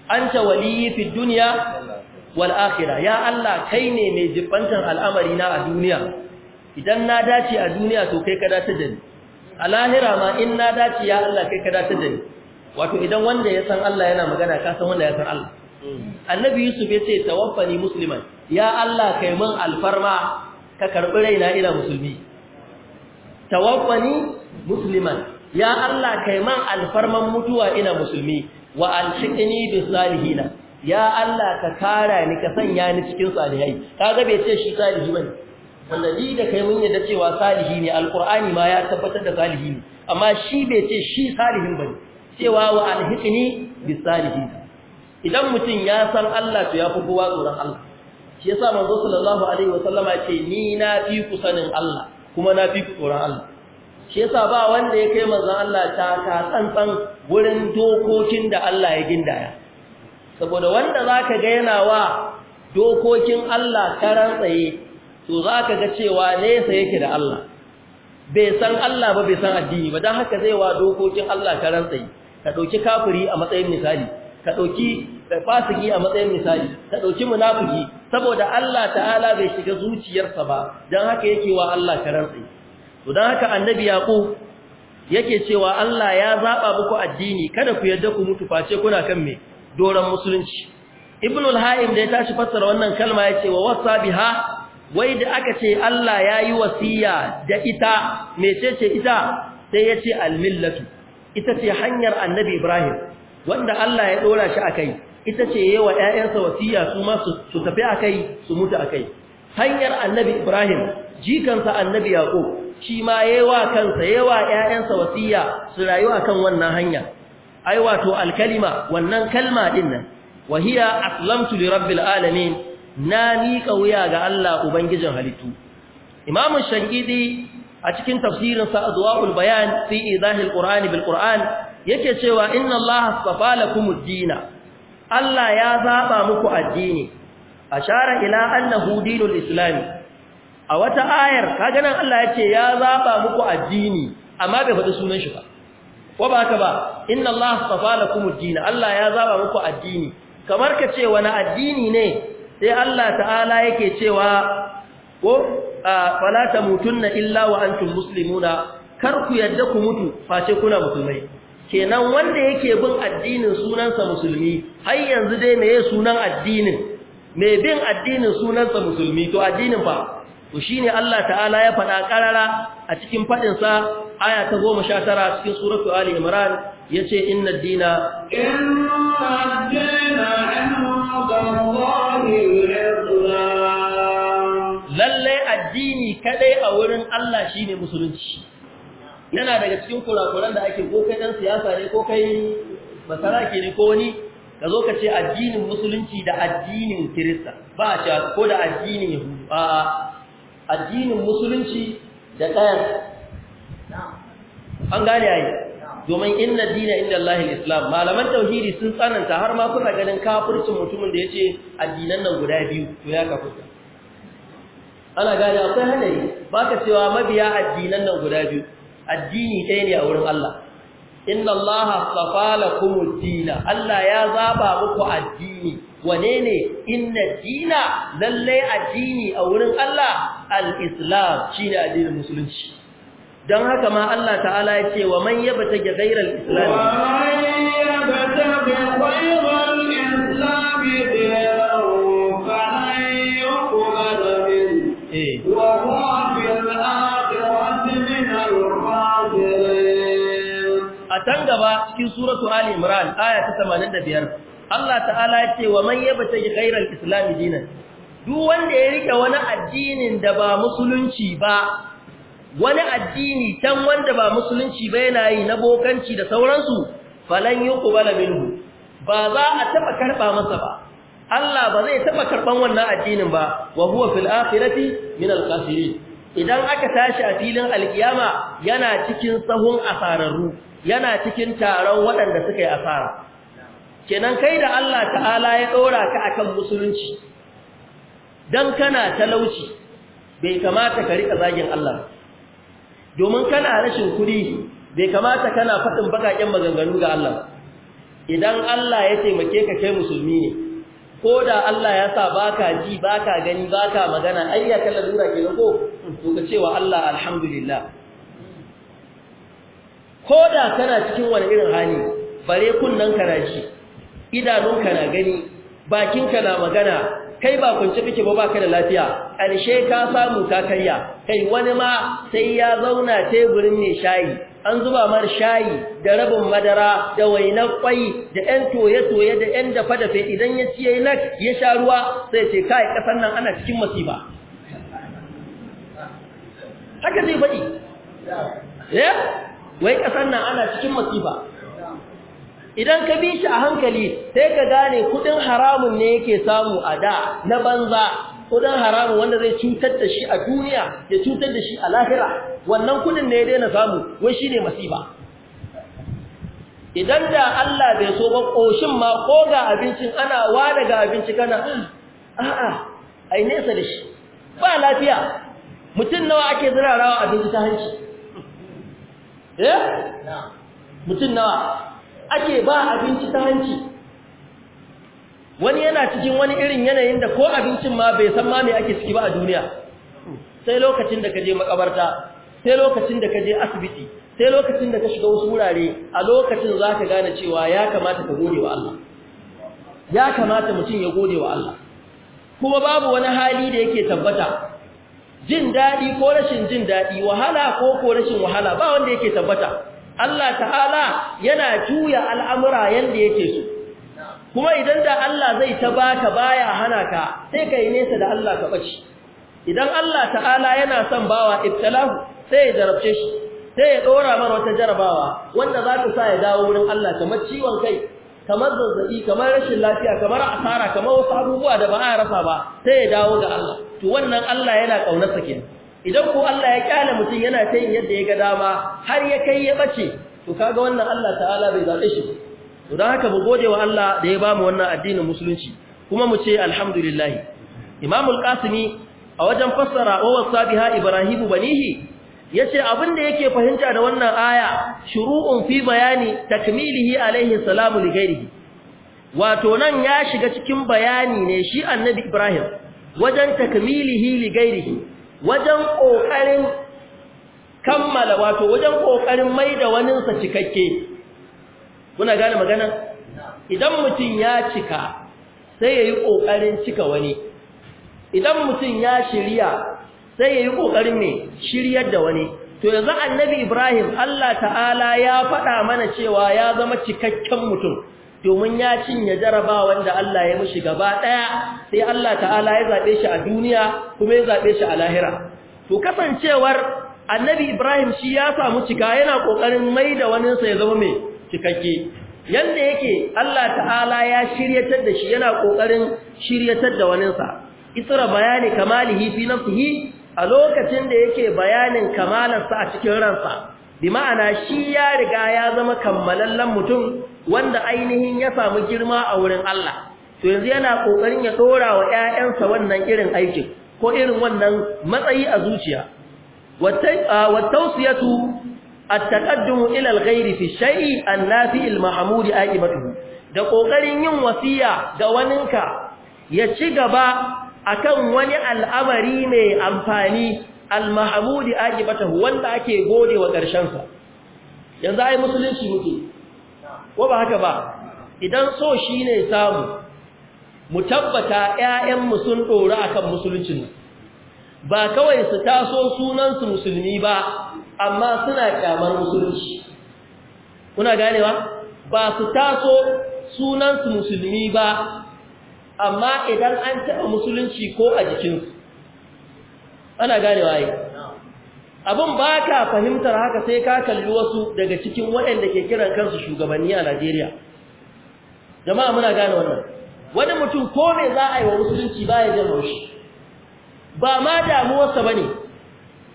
anta waliyyi fid dunya wal akhirah ya Allah kai ne mai jibantan al'amari na a duniya idan na dace a duniya to kai ka dace da ni a lahira ma in na dace ya Allah kai ka dace da ni wato idan wanda ya san Allah yana magana ka san wanda ya san Allah annabi yusuf ya ce tawaffani musliman ya Allah kai min alfarma ka karbi raina ina musulmi tawaffani musliman ya Allah kai man alfarman mutuwa ina musulmi wa alhiqni bi salihina ya Allah ka kara ni ka sanya ni cikin salihai kaga bai ce shi salihi bane wallahi da kai mun yadda cewa salihi ne alqur'ani ma ya tabbatar da salihi ne amma shi bai ce shi salihin bane cewa wa alhiqni bi salihina idan mutum ya san Allah to ya fi kowa tsoron Allah shi yasa manzo sallallahu alaihi wasallama ce ni na fi ku sanin Allah kuma na fi ku tsoron Allah shi yasa ba wanda ya kai manzon Allah ta ka tsantsan wurin dokokin da Allah ya gindaya saboda wanda zaka ga yana wa dokokin Allah karan tsaye to zaka ga cewa nesa yake da Allah bai san Allah ba bai san addini ba dan haka zai wa dokokin Allah karan tsaye ka dauki kafiri a matsayin misali ka dauki fasiki a matsayin misali ka dauki munafiki saboda Allah ta'ala bai shiga zuciyarsa ba dan haka yake wa Allah karan tsaye to haka annabi yaqub yake cewa Allah ya zaba muku addini kada ku yadda ku mutu face kuna kan me doran musulunci ibnu al-haim da ya tashi fassara wannan kalma yace wa wasabiha wai da aka ce Allah yayi wasiya da ita mecece ita sai yace al-millatu ita ce hanyar annabi ibrahim wanda Allah ya dora shi akai ita ce yayi wa ƴaƴansa wasiya su ma su tafi akai su mutu akai hanyar annabi ibrahim jikansa annabi yaqub shi ma yawa kansa yawa ƴaƴansa wasiya su rayu akan wannan hanya ai wato alkalima wannan kalma din nan wa hiya aslamtu li rabbil alamin na miƙa wuya ga Allah ubangijin halittu imamu shangidi a cikin tafsirin sa adwaul bayan fi idahil qur'ani bil qur'an yake cewa inna allaha astafa lakumud dina Allah ya zaba muku addini ashara ila annahu dinul islami a wata ayar kaga nan Allah ya ce ya zaba muku addini amma bai faɗi sunan shi ba ko ba haka ba inna Allah astafa lakum ad-din Allah ya zaba muku addini kamar ka ce wani addini ne sai Allah ta'ala yake cewa ko fala tamutunna illa wa antum muslimuna kar ku yadda ku mutu face kuna musulmai kenan wanda yake bin addinin sunansa musulmi har yanzu dai meye sunan addinin me bin addinin sunansa musulmi to addinin fa to shine Allah ta'ala ya faɗa karara a cikin fadin sa aya ta 19 cikin suratu ali imran yace inna dina inna dina lalle addini kadai a wurin Allah shine musulunci yana daga cikin kurakuran da ake ko kai dan siyasa ne ko kai ke ne ko wani ka zo ka ce addinin musulunci da addinin kirista ba a ko da addinin yahudu a'a addinin musulunci da ɗayan an gane a yi domin inna dina inda Allah islam malaman tauhidi sun tsananta har ma kuna ganin kafircin mutumin da ya ce addinan nan guda biyu to ya kafirta ana gane akwai hadari baka cewa mabiya addinan nan guda biyu addini ɗaya ne a wurin Allah inna Allah safa lakumud dina Allah ya zaba muku addini wane ne inna dina lallai addini a wurin Allah al-islam shine addinin musulunci don haka ma Allah ta'ala ya ce wa man yabta ghayra al-islam wa man yabta ghayra islam a can gaba cikin suratu Ali Imran aya ta 85 Allah ta'ala ya ce wa man yabtaji ghayral islam dinan duk wanda ya rike wani addinin da ba musulunci ba wani addini can wanda ba musulunci ba yana yi na bokanci da sauransu falan yuqbala minhu ba za a taba karba masa ba Allah ba zai taba karban wannan addinin ba wa huwa fil akhirati min al khasirin idan aka tashi a filin alkiyama yana cikin sahun asararru yana cikin taron waɗanda suka yi asara kenan kai da Allah ta'ala ya ɗora ka akan musulunci dan kana talauci bai kamata ka rika zagin Allah domin kana rashin kuɗi bai kamata kana faɗin bakaƙen maganganu ga Allah idan Allah ya taimake ka kai musulmi ne ko da Allah ya sa baka ji baka gani baka magana ayya kala lura ke ko to ka cewa Allah alhamdulillah ko da kana cikin wani irin hali bare kunnan karaji idanunka na gani bakinka na magana kai ba kunci kake ba baka da lafiya ƙarshe ka samu ka karya kai wani ma sai ya zauna teburin mai shayi an zuba mar shayi da rabin madara da wainar kwai da 'yan toye-toye da 'yan dafa-dafe idan ya ciye nak ya sha ruwa sai ce kai ƙasar nan ana cikin masifa haka zai faɗi eh? wai ƙasar nan ana cikin masifa idan ka bi shi a hankali sai ka gane kudin haramun ne yake samu a da na banza kudin haramun wanda zai cutar da shi a duniya ya cutar da shi a lahira wannan kudin ne ya daina samu wai shi ne masifa idan da Allah bai so ba koshin ma ko ga abincin ana wa daga abinci kana a'a ai nesa da shi ba lafiya mutum nawa ake zirarawa abinci ta hanci eh mutum nawa ake ba abinci ta hanci wani yana cikin wani irin yanayin da ko abincin ma bai san ma mai ake ciki ba a duniya sai lokacin da ka je makabarta sai lokacin da ka je asibiti sai lokacin da ka shiga wasu wurare a lokacin za ka gane cewa ya kamata ka gode wa Allah ya kamata mutum ya gode wa Allah kuma babu wani hali da yake tabbata jin daɗi ko rashin jin daɗi wahala ko ko rashin wahala ba wanda yake tabbata Allah ta'ala yana juya al'amura yanda yake so kuma idan da Allah zai ta baka baya hana ka sai kai nesa da Allah ka bace idan Allah ta'ala yana son bawa ibtalahu sai ya jarabce shi sai ya dora mana wata jarabawa wanda za ta sa ya dawo wurin Allah kamar ciwon kai kamar zazzabi kamar rashin lafiya kamar asara kamar wasu abubuwa da ba a rasa ba sai ya dawo ga Allah to wannan Allah yana ƙaunarsa kenan idan ku Allah ya kyale mutum yana ta yin yadda ya ga dama har ya kai ya bace to kaga wannan Allah ta'ala bai zabe shi to dan haka mu gode wa Allah da ya bamu wannan addinin musulunci kuma mu ce alhamdulillah Imam al-Qasimi a wajen fassara wa Sabiha Ibrahim banihi yace abin da yake fahimta da wannan aya shuru'un fi bayani takmilihi alaihi salamu li ghairihi wato nan ya shiga cikin bayani ne shi Annabi Ibrahim wajen takmilihi li ghairihi wajen ƙoƙarin kammala wato wajen ƙoƙarin mai da waninsa cikakke kuna gane magana idan mutum ya cika sai ya yi ƙoƙarin cika wani idan mutum ya shirya sai ya yi ƙoƙarin mai shiryar da wani to yanzu annabi ibrahim allah ta'ala ya faɗa mana cewa ya zama cikakken mutum domin ya cinye jaraba wanda Allah ya mishi gaba ɗaya, sai Allah ta'ala ya zaɓe shi a duniya kuma ya zaɓe shi a lahira to kasancewar annabi Ibrahim shi ya samu cika yana kokarin mai da waninsa ya zama mai cikakke yanda yake Allah ta'ala ya shiryatar da shi yana kokarin shiryatar da waninsa. sa isra bayani kamalihi fi nafsihi a lokacin da yake bayanin kamalarsa a cikin ransa bi ma'ana shi ya riga ya zama kammalallen mutum wanda ainihin ya samu girma a wurin Allah to yanzu yana kokarin ya dora wa ƴaƴansa wannan irin aikin ko irin wannan matsayi a zuciya wattawsiyatu at-taqaddum ila al-ghayr fi shay'i an-nafi' da kokarin yin wasiya ga waninka ya ci gaba akan wani al'amari mai amfani almahmudi mahmud wanda ake gode wa karshen sa yanzu ai musulunci muke ko ba haka ba idan so shi ne samu mu tabbata ƴaƴanmu sun dora akan musuluncin ba kawai su taso sunan su musulmi ba amma suna kyamar musulunci kuna ganewa ba su taso sunan su musulmi ba amma idan an taɓa musulunci ko a jikinsu ana ganewa yi abin ba ka fahimtar haka sai ka kalli wasu daga cikin waɗanda ke kiran kansu shugabanni a Najeriya jama'a muna gane wannan wani mutum ko mai za a yi wa musulunci ba ya jin haushi ba ma damuwarsa ba ne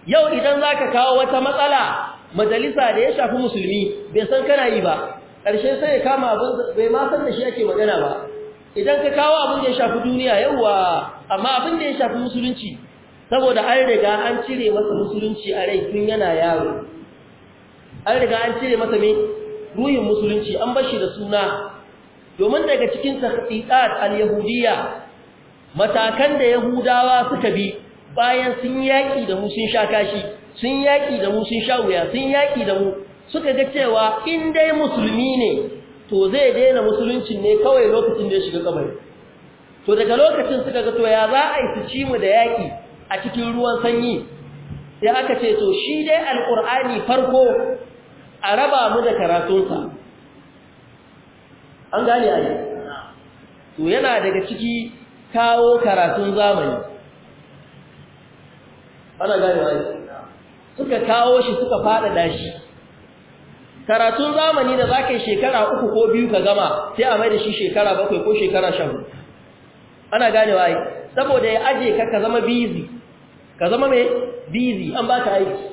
yau idan za ka kawo wata matsala majalisa da ya shafi musulmi bai san kana yi ba ƙarshe sai ya kama abin bai ma san da shi ake magana ba idan ka kawo abin da ya shafi duniya yauwa amma abin da ya shafi musulunci saboda an riga an cire masa musulunci a rai tun yana yaro an riga an cire masa mai ruhin musulunci an bashi da suna domin daga cikin tahqiqat al-yahudiyya matakan da yahudawa suka bi bayan sun yaki da mu sun sha kashi sun yaki da mu sun sha wuya sun yaki da mu suka ga cewa in dai musulmi ne to zai daina musuluncin ne kawai lokacin da ya shiga kabari to daga lokacin suka ga to ya za a yi su ci mu da yaki a cikin ruwan sanyi sai aka ce to shi dai alqur'ani farko a raba mu da karatunsa an gane ai to yana daga ciki kawo karatun zamani ana gane ai suka kawo shi suka fada dashi karatun zamani da zaka yi shekara uku ko biyu ka gama sai a mai da shi shekara bakwai ko shekara shan ana ganewa ai saboda ya aje ka ka zama busy ka zama mai bizi an ba ta aiki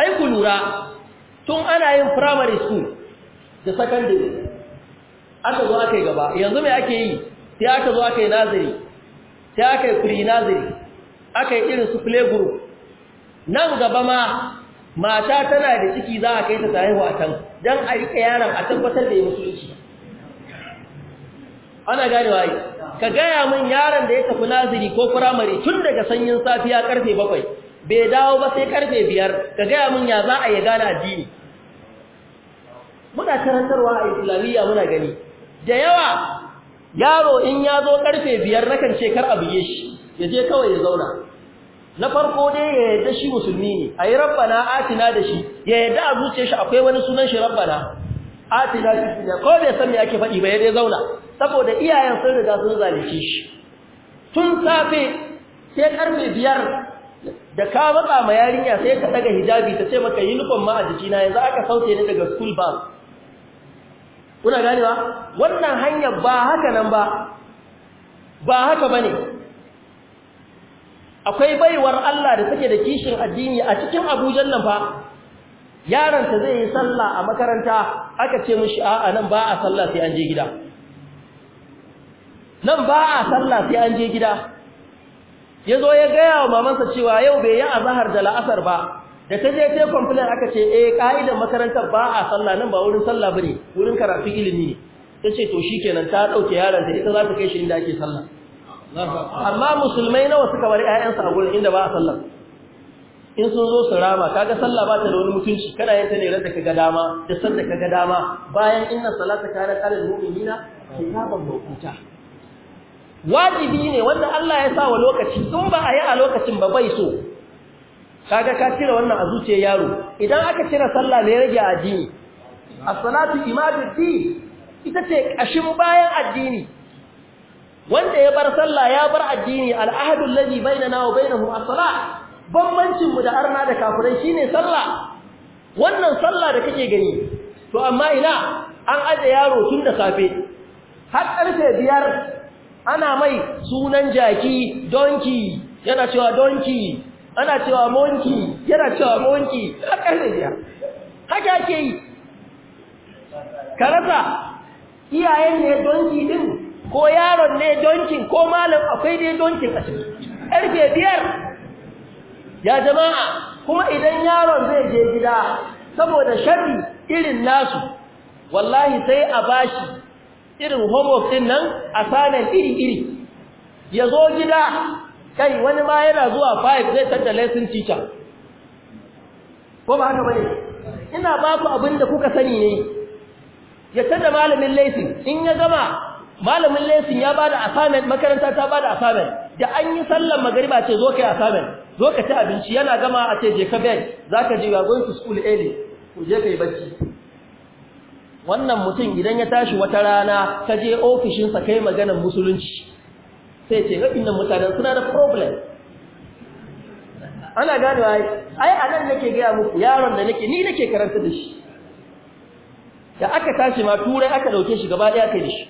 ai lura tun ana yin primary school da secondary aka zo aka yi gaba yanzu mai ake yi sai aka zo aka yi nazari sai aka yi pre-nazari aka yi irin su play group nan gaba ma mata tana da ciki za a kai ta tarihu a can don a riƙe yaron a tabbatar da ya musulunci ana gane waye ka gaya min yaron da ya tafi naziri ko firamare tun daga sanyin safiya karfe bakwai bai dawo ba sai karfe biyar ka gaya min ya za a yi gane addini muna karantarwa a islamiyya muna gani da yawa yaro in ya zo karfe biyar nakan ce kar a buge shi ya je kawai ya zauna na farko dai ya yadda shi musulmi ne a yi rabbana atina da shi ya yadda a zuce shi akwai wani sunan shi rabbana atina shi ko bai san me ake faɗi ba ya dai zauna saboda iyayen sun riga sun zalice shi tun safe sai karfe biyar da ka matsa ma yarinya sai ka daga hijabi ta ce maka uniform ma a na yanzu aka sauke ni daga school bus kuna ganewa wannan hanyar ba haka nan ba ba haka bane akwai baiwar Allah da take da kishin addini a cikin abujan nan fa yaron ta zai yi sallah a makaranta aka ce mishi a'a nan ba a sallah sai an je gida nan ba a sallah sai an je gida yazo ya gaya wa mamansa cewa yau bai yi azhar da la'asar ba da ta je ta complain aka ce eh ka'idar makarantar ba a sallah nan ba wurin sallah bane wurin karatu ilimi ne Ta ce to shikenan ta ɗauke yaron ta ita za ta kai shi inda ake sallah amma musulmai nawa suka bari ƴaƴansu a gurin inda ba a sallah in sun zo su rama kaga sallah ba ta da wani mutunci kana yin ta ne ran da kaga dama da san kaga dama bayan inna salata kana qalil mu'minina kitaban mawquta wajibi ne wanda Allah ya sa wa lokaci in ba a yi a lokacin ba bai so kaga ka cire wannan a zuciyar yaro idan aka cire sallah ne rage addini as-salatu imaduddin ita ce kashin bayan addini wanda ya bar sallah ya bar addini al-ahadu alladhi bainana wa bainahum as-salah bambancin mu da arna da kafirai shine sallah wannan sallah da kake gani to amma ina an aje yaro tun da safe har karfe biyar ana mai sunan jaki donki yana cewa donki ana cewa monki yana cewa monki har karfe biyar haka ake yi karasa iyayen ne donki din ko yaron ne donkin ko malam akwai ne donkin a ciki karfe biyar ya jama'a kuma idan yaron zai je gida saboda sharri irin nasu wallahi sai a bashi irin homework din nan a assignment iri iri ya zo gida kai wani ma yana zuwa 5 zai tada lesson teacher ko ba haka bane ina ba ku abin da kuka sani ne ya tada malamin lesson in ya gama malamin lesson ya bada assignment makaranta ta bada assignment da an yi sallar magariba ce zo kai assignment zo ka ta abinci yana gama a ce je ka bed ka je ga going to school early ku je kai bacci wannan mutum idan ya tashi wata rana ka je ofishinsa kai maganar musulunci sai ce waɗannan mutanen suna da problem ana gano ai ai anan nake gaya muku yaron da nake ni nake karanta da shi da aka tashi ma turai aka dauke shi gaba daya kai shi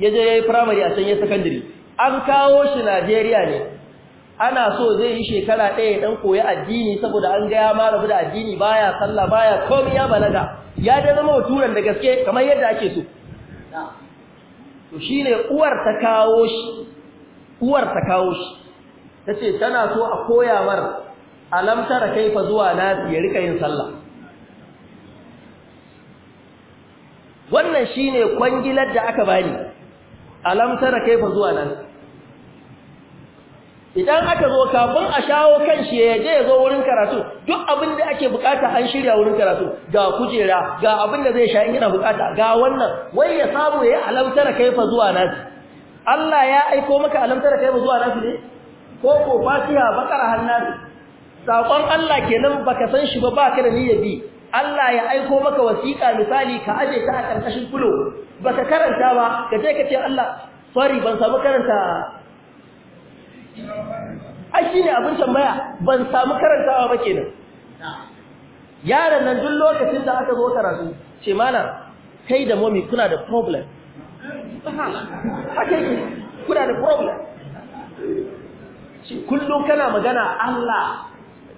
ya je yayi primary a can ya secondary an kawo shi Najeriya ne ana so zai yi shekara ɗaya ɗan koyi addini saboda an ga ya ma rabu da addini baya sallah baya komai ya balaga ya da zama turan da gaske kamar yadda ake so to shine uwar ta kawo shi uwar ta kawo shi tace tana so a koya mar alam tara fa zuwa na ya rika yin sallah wannan shine kwangilar da aka bani alam tara fa zuwa nasi idan aka zo kafin a shawo kan shi ya je ya zo wurin karatu duk abin da ake bukata an shirya wurin karatu ga kujera ga abin da zai sha in yana bukata ga wannan wai ya samu ya alamtar kaifa zuwa nasi Allah ya aiko maka alamtar kaifa zuwa nasi ne ko ko fatiha bakara hannasi sakon Allah kenan baka san shi ba baka da niyyar bi Allah ya aiko maka wasiƙa misali ka aje ta a karkashin kulo baka karanta ba ka je ka ce Allah sorry ban samu karanta ai shine abin tambaya ban samu karantawa ba kenan yaran nan duk lokacin da aka zo karatu ce mana kai da mommy kuna da problem haka yake kuna da problem kullum kana magana Allah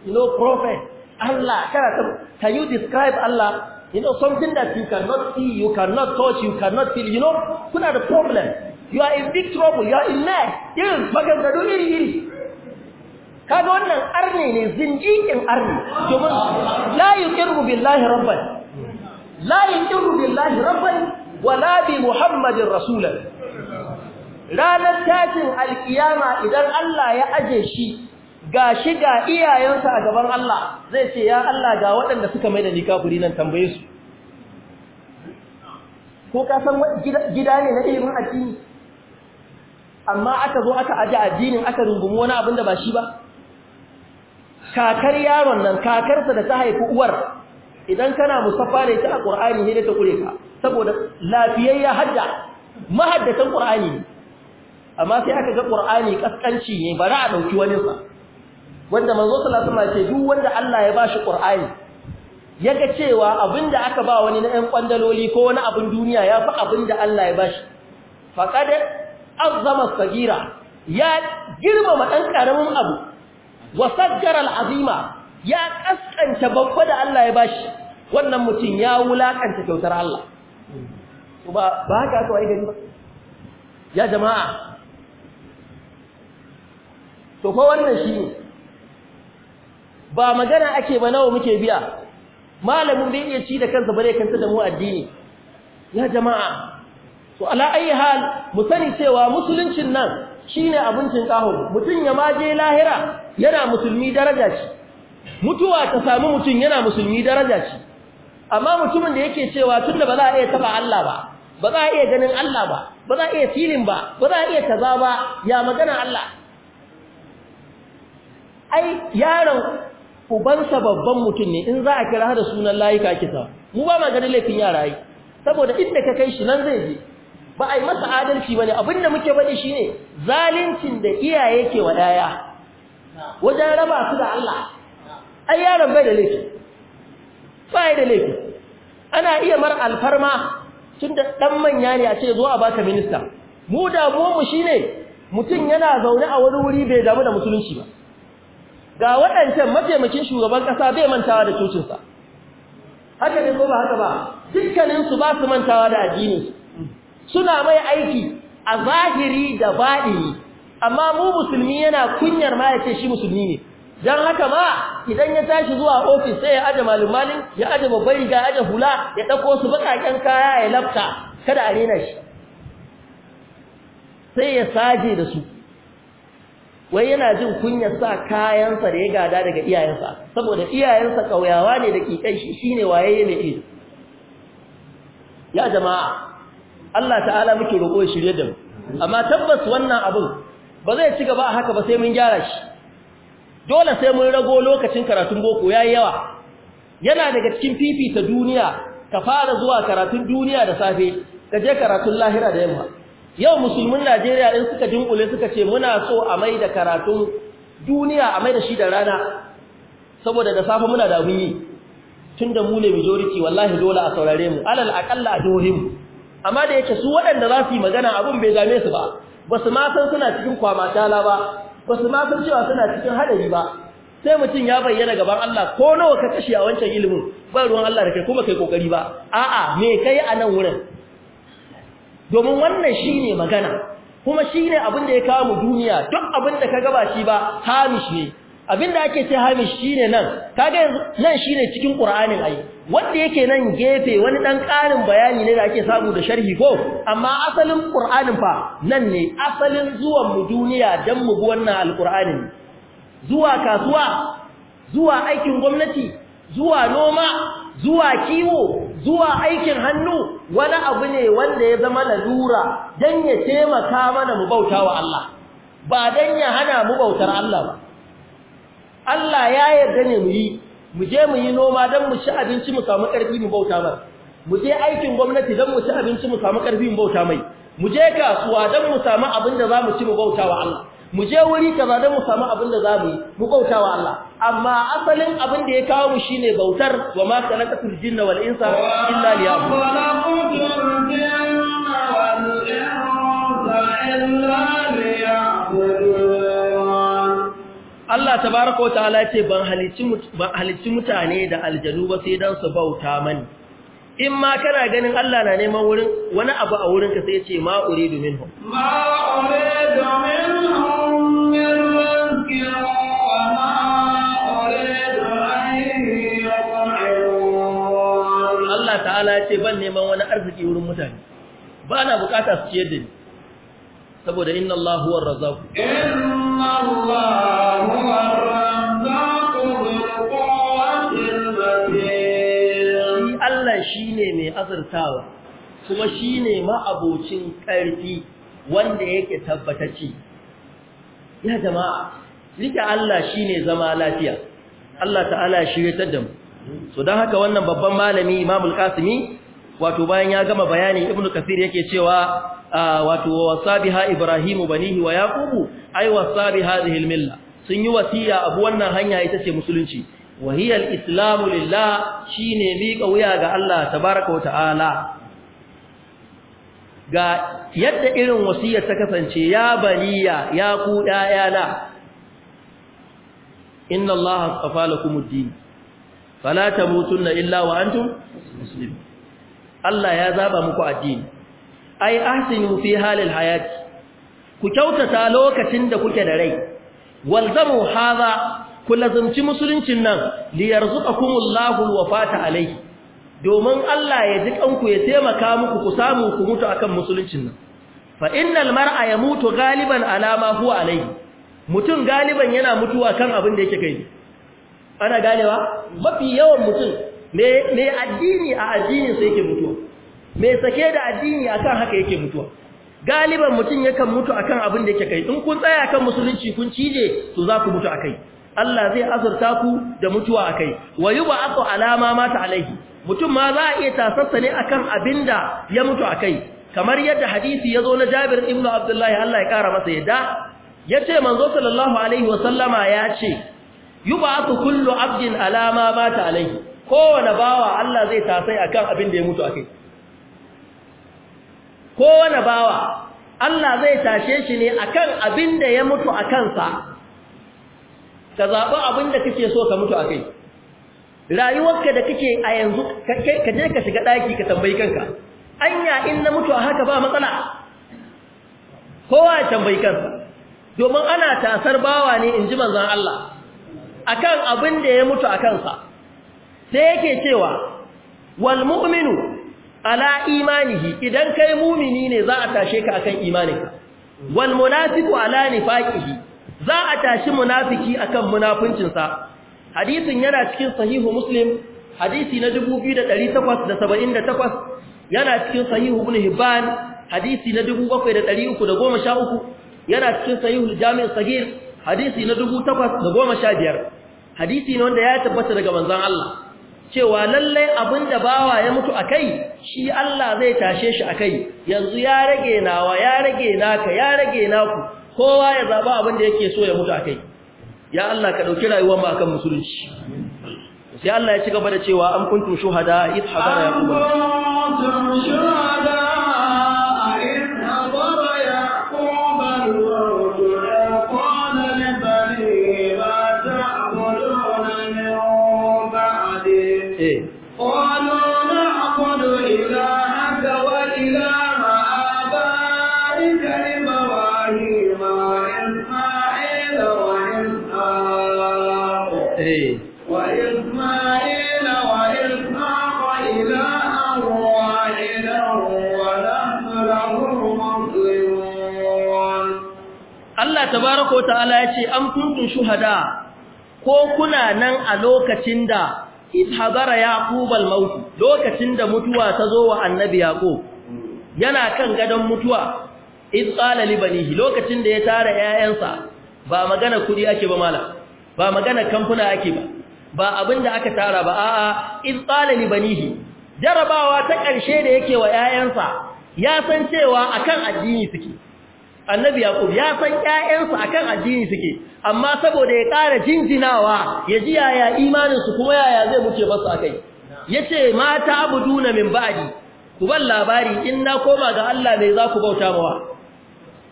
no prophet Allah kana ta can you describe Allah you know something that you cannot see you cannot touch you cannot feel you know kuna da problem you are in big trouble you are in mess irin maganganu iri iri kaga wannan arne ne zinjikin arne domin la yuqirru lahi rabban la yuqirru lahi rabban wa labi muhammadin Rasulun. ranar tashin alkiyama idan Allah ya aje shi ga shi ga iyayensa a gaban Allah zai ce ya Allah ga waɗanda suka mai da nikafuri nan tambaye su ko kasan gida ne na irin addini amma aka zo aka aji addinin aka rungumi wani abin da ba shi ba kakar yaron nan kakarsa da ta haifi uwar idan kana musaffa ne ta alqur'ani ne ta kure ka saboda lafiyayya hadda mahaddatan qur'ani ne amma sai aka ga qur'ani kaskanci ne bari a dauki wani sa wanda manzo sallallahu alaihi wasallam ce duk wanda Allah ya bashi qur'ani yaga cewa abinda aka ba wani na ɗan kwandaloli ko wani abin duniya yafi abinda Allah ya bashi faqad azzama sagira ya girmama ɗan ƙaramin abu wa saggara al'azima ya ƙasƙanta babba da Allah ya bashi wannan mutum ya wulaƙanta kyautar Allah ba haka aka wai gari ba ya jama'a to ko wannan shi ne ba magana ake ba nawa muke biya malamin bai iya ci da kansa bare kanta da mu addini ya jama'a so ala ayi hal mu sani cewa musuluncin nan shine abincin kaho mutum ya ma lahira yana musulmi daraja ce, mutuwa ta sami mutum yana musulmi daraja ce, amma mutumin da yake cewa tunda ba za a iya taba Allah ba ba za a iya ganin Allah ba ba za a iya filin ba ba za a iya taza ba ya magana Allah ai yaron ubansa babban mutum ne in za a kira da sunan layika kisa mu ba ma ganin laifin yara yi saboda inda ka kai shi nan zai je ba a yi masa adalci ba ne da muke faɗi shi ne zalincin da iyaye ke wa ɗaya wajen raba su da Allah ai yaron bai da laifi ba da laifi ana iya mar alfarma tun da ɗan manya ne a ce zo a baka minista mu mu shi ne mutum yana zaune a wani wuri bai damu da musulunci ba ga waɗancan mataimakin shugaban ƙasa bai mantawa da cocinsa haka ne ko ba haka ba dukkaninsu ba su mantawa da addini suna mai aiki a zahiri da baɗini amma mu musulmi yana kunyar ma ya ce shi musulmi ne don haka ma idan ya tashi zuwa ofis sai ya aje malumalin ya aje babbar riga ya aje hula ya ɗauko su baƙaƙen kaya ya lafta kada a rena shi sai ya saje da su wai yana jin kunyar sa kayansa da ya gada daga iyayensa saboda iyayensa ƙauyawa ne da ƙiƙai shi shine waye mai ya jama'a Allah ta'ala muke roƙo ya shirye da mu amma tabbas wannan abin ba zai ci gaba haka ba sai mun gyara shi dole sai mun rago lokacin karatun boko yayi yawa yana daga cikin fifita duniya ka fara zuwa karatun duniya da safe ka je karatun lahira da yamma yau musulmin Najeriya din suka dinkule suka ce muna so a mai da karatun duniya a mai da shi da rana saboda da safe muna da abun yi tunda mu ne majority wallahi dole a saurare mu alal aqalla a jihohin amma da yake su waɗanda za su yi magana abin bai zame su ba ba su ma suna cikin kwamatala ba ba su ma cewa suna cikin haɗari ba sai mutum ya bayyana gaban Allah ko nawa ka kashe a wancan ilimin ba ruwan Allah da kai kuma kai kokari ba a'a me kai a nan wurin domin wannan shine magana kuma shine abin da ya kawo mu duniya duk abin da ka gaba shi ba hamish ne Abin da ake ce hamish shine nan kaga nan shine cikin qur'anin ayi wanda yake nan gefe wani dan karin bayani ne da ake samu da sharhi ko amma asalin qur'anin fa nan ne asalin zuwan mu duniya dan mu bi wannan alqur'anin zuwa kasuwa zuwa aikin gwamnati zuwa noma zuwa kiwo zuwa aikin hannu wani abu ne wanda ya zama lalura dan ya taimaka mana mu bautawa Allah ba dan ya hana mu bautar Allah ba Allah ya yarda ne mu yi mu je mu yi noma don mu ci abinci mu samu ƙarfi mu bauta mai mu je aikin gwamnati don mu ci abinci mu samu ƙarfi mu bauta mai mu je kasuwa don mu samu abin da za mu ci mu bauta wa Allah mu je wuri kaza don mu samu abin da za mu yi mu bauta wa Allah amma asalin abin da ya kawo mu shine bautar wa ma khalaqatul jinna wal insa illa liya'budun Allah ta tabaraka wa ta'ala ce ban halicci mutane da aljanu ba sai don su bauta mani in ma kana ganin Allah na neman wurin wani abu a wurinka sai ce ma domin minhum ma uridu domin min rizqin wa ma uridu an yut'imun Allah ta'ala ce ban neman wani arziki wurin mutane ba na bukata su ciyar da ni saboda inna Allah huwa razzaq inna Allah huwa razzaq Allah shine mai azurtawa kuma shine ma'abocin ƙarfi wanda yake tabbatacci ya jama'a rike Allah shine zama lafiya Allah ta'ala ya shirye da mu so don haka wannan babban malami Imam Al-Qasimi wato bayan ya gama bayani Ibn Kathir yake cewa wato wasa biha ibrahimu banihi wa yaqubu ai wasa bi hadhihi almilla sun yi wasiya abu wannan hanya ita ce musulunci wa hiya alislamu lillah shine miƙa wuya ga Allah tabaaraka wa ta'ala ga yadda irin wasiyar ta kasance ya baliya ya ku dayana inna allaha astafa lakumud din fala tamutunna illa wa antum muslimun Allah ya zaba muku addini ai ahsinu fi halil hayati ku kyautata lokacin da kuke da rai walzamu hadha ku lazumci musuluncin nan li yarzuqakumullahu fata alayhi domin Allah ya ji kanku ya taimaka muku ku samu ku mutu akan musuluncin nan fa innal mar'a yamutu galiban ala ma huwa alayhi mutum galiban yana mutuwa kan abin da yake kai ana ganewa mafi yawan mutum me me addini a addini sai yake mutuwa mai sake da addini akan haka yake mutuwa galiban mutum yakan mutu akan abin da yake kai in kun tsaya kan musulunci kun cije to za ku mutu akai Allah zai azurta ku da mutuwa akai wa yub'athu alama mata alaihi mutum ma za a iya tasassa ne akan abin da ya mutu akai kamar yadda hadisi ya zo na Jabir ibn Abdullahi Allah ya kara masa yadda yace manzo sallallahu alaihi wa sallama yace yub'athu kullu abdin alama mata alaihi kowane bawa Allah zai tasai akan abin da ya mutu akai kowane bawa Allah zai tashe shi ne akan abin da ya mutu a kansa ka zaɓi abin da kake so ka mutu a kai rayuwarka da kake a yanzu ka je ka shiga ɗaki ka tambayi kanka anya in na mutu a haka ba matsala kowa ya tambayi kansa domin ana tasar bawa ne in ji manzan Allah akan abin da ya mutu a kansa sai yake cewa wal mu'minu ala imanihi idan kai mumini ne za a tashe ka akan imaninka wal munafiqu ala nifaqihi za a tashi munafiki akan munafincinsa hadisin yana cikin sahihu muslim hadisi na 2878 yana cikin sahihu ibn hibban hadisi na 7313 yana cikin sahihu jami' sahih hadisi na 8015 hadisi ne wanda ya tabbata daga manzon Allah cewa lallai da bawa ya mutu akai shi Allah zai tashe shi akai yanzu ya rage nawa ya rage naka ya rage naku kowa ya zaba abin abinda yake so ya mutu akai ya Allah ka dauki rayuwar mu akan musulunci sai Allah ya ci gaba da cewa am kuntum shuhada ithabara ya kuma tabaraka ta'ala ya ce am kuntum shuhada ko kuna nan a lokacin da izhabara yaqub al-maut lokacin da mutuwa ta zo wa annabi yaqub yana kan gadon mutuwa iz qala li banihi lokacin da ya tara 'ya'yansa, ba magana kudi ake ba mala ba magana kamfuna ake ba ba abinda aka tara ba a'a iz qala li banihi jarabawa ta ƙarshe da yake wa 'ya'yansa ya san cewa akan addini suke annabi yaqub ya san ƴaƴansa akan addini suke amma saboda ya ƙara jinjinawa ya ji yaya imanin su kuma yaya zai muke masa akai yace mata abuduna min ba'di ku ban labari in na koma ga Allah ne za ku bauta mawa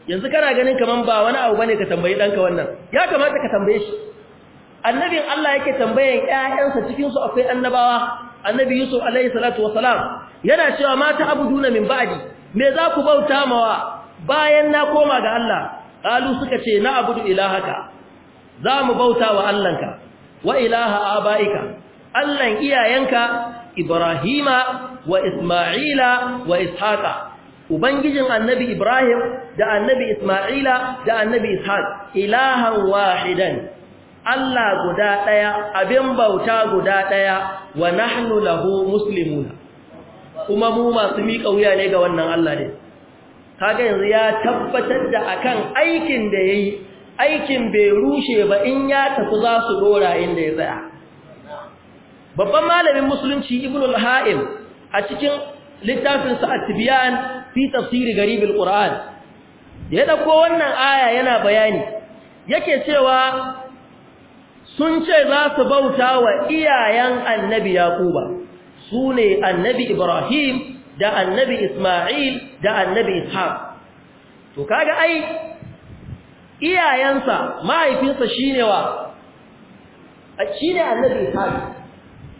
yanzu kana ganin kaman ba wani abu bane ka tambayi danka wannan ya kamata ka tambaye shi annabin Allah yake tambayan ƴaƴansa cikin su akwai annabawa annabi yusuf alaihi salatu wasalam yana cewa mata abuduna min ba'di me za ku bauta mawa bayan na koma ga Allah Ƙalu suka ce na abudu ilahaka za mu bauta wa Allahnka wa ilaha abaika Allahn iyayenka Ibrahima wa Isma'ila wa Ishaqa ubangijin annabi Ibrahim da annabi Isma'ila da annabi Ishaq ilahan wahidan Allah guda ɗaya, abin bauta guda ɗaya, wa nahnu lahu muslimuna kuma mu masu miƙa wuya ne ga wannan Allah ne kaga yanzu ya tabbatar da akan aikin da yayi aikin bai rushe ba in ya tafi za su dora inda ya tsaya babban malamin musulunci ibnu al-ha'im a cikin littafin sa at-tibyan fi tafsir garib al-qur'an ya dauko wannan aya yana bayani yake cewa sun ce za su bauta wa iyayen annabi yaquba sune annabi ibrahim da annabi Isma'il da annabi Ishaq to kaga ai iyayensa mahaifinsa shine wa A shine annabi Ishaq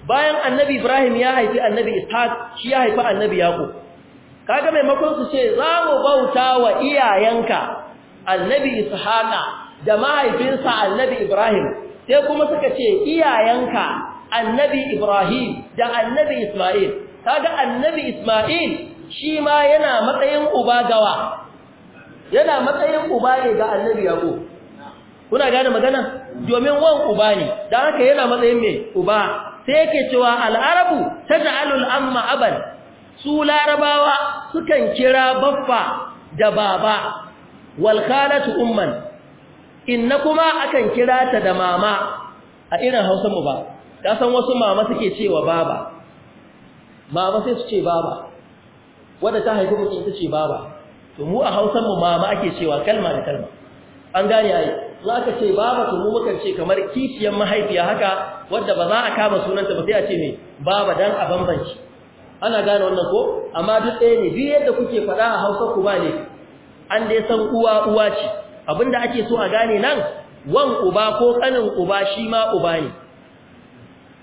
bayan annabi Ibrahim ya haifi annabi Ishaq shi ya haifi annabi Yaqub kaga maimakon su ce za mu bauta wa iyayenka annabi Ishaq da mahaifinsa annabi Ibrahim sai kuma suka ce iyayenka annabi Ibrahim da annabi Isma'il kaga annabi Isma'il shi ma yana matsayin uba gawa yana matsayin uba ne ga annabi yabo kuna gane magana domin wan uba ne dan haka yana matsayin me uba sai yake cewa al'arabu arabu taj'alul amma aban su larabawa sukan kira baffa da baba wal khalatu umman inna kuma akan kira ta da mama a irin Hausa mu ba kasan wasu mama suke cewa baba mama sai su ce baba wadda ta haifi mutum ita ce baba to mu a hausan mu mama ake cewa kalma da kalma an gane ai za ka ce baba to mu muka ce kamar kishiyar mahaifiya haka wadda ba za a kama sunanta ba sai a ce me baba dan a bambanci ana gane wannan ko amma duk ɗaya ne duk yadda kuke faɗa a hausa ku ba ne an dai san uwa uwa ce abinda ake so a gane nan wan uba ko kanin uba shi ma uba ne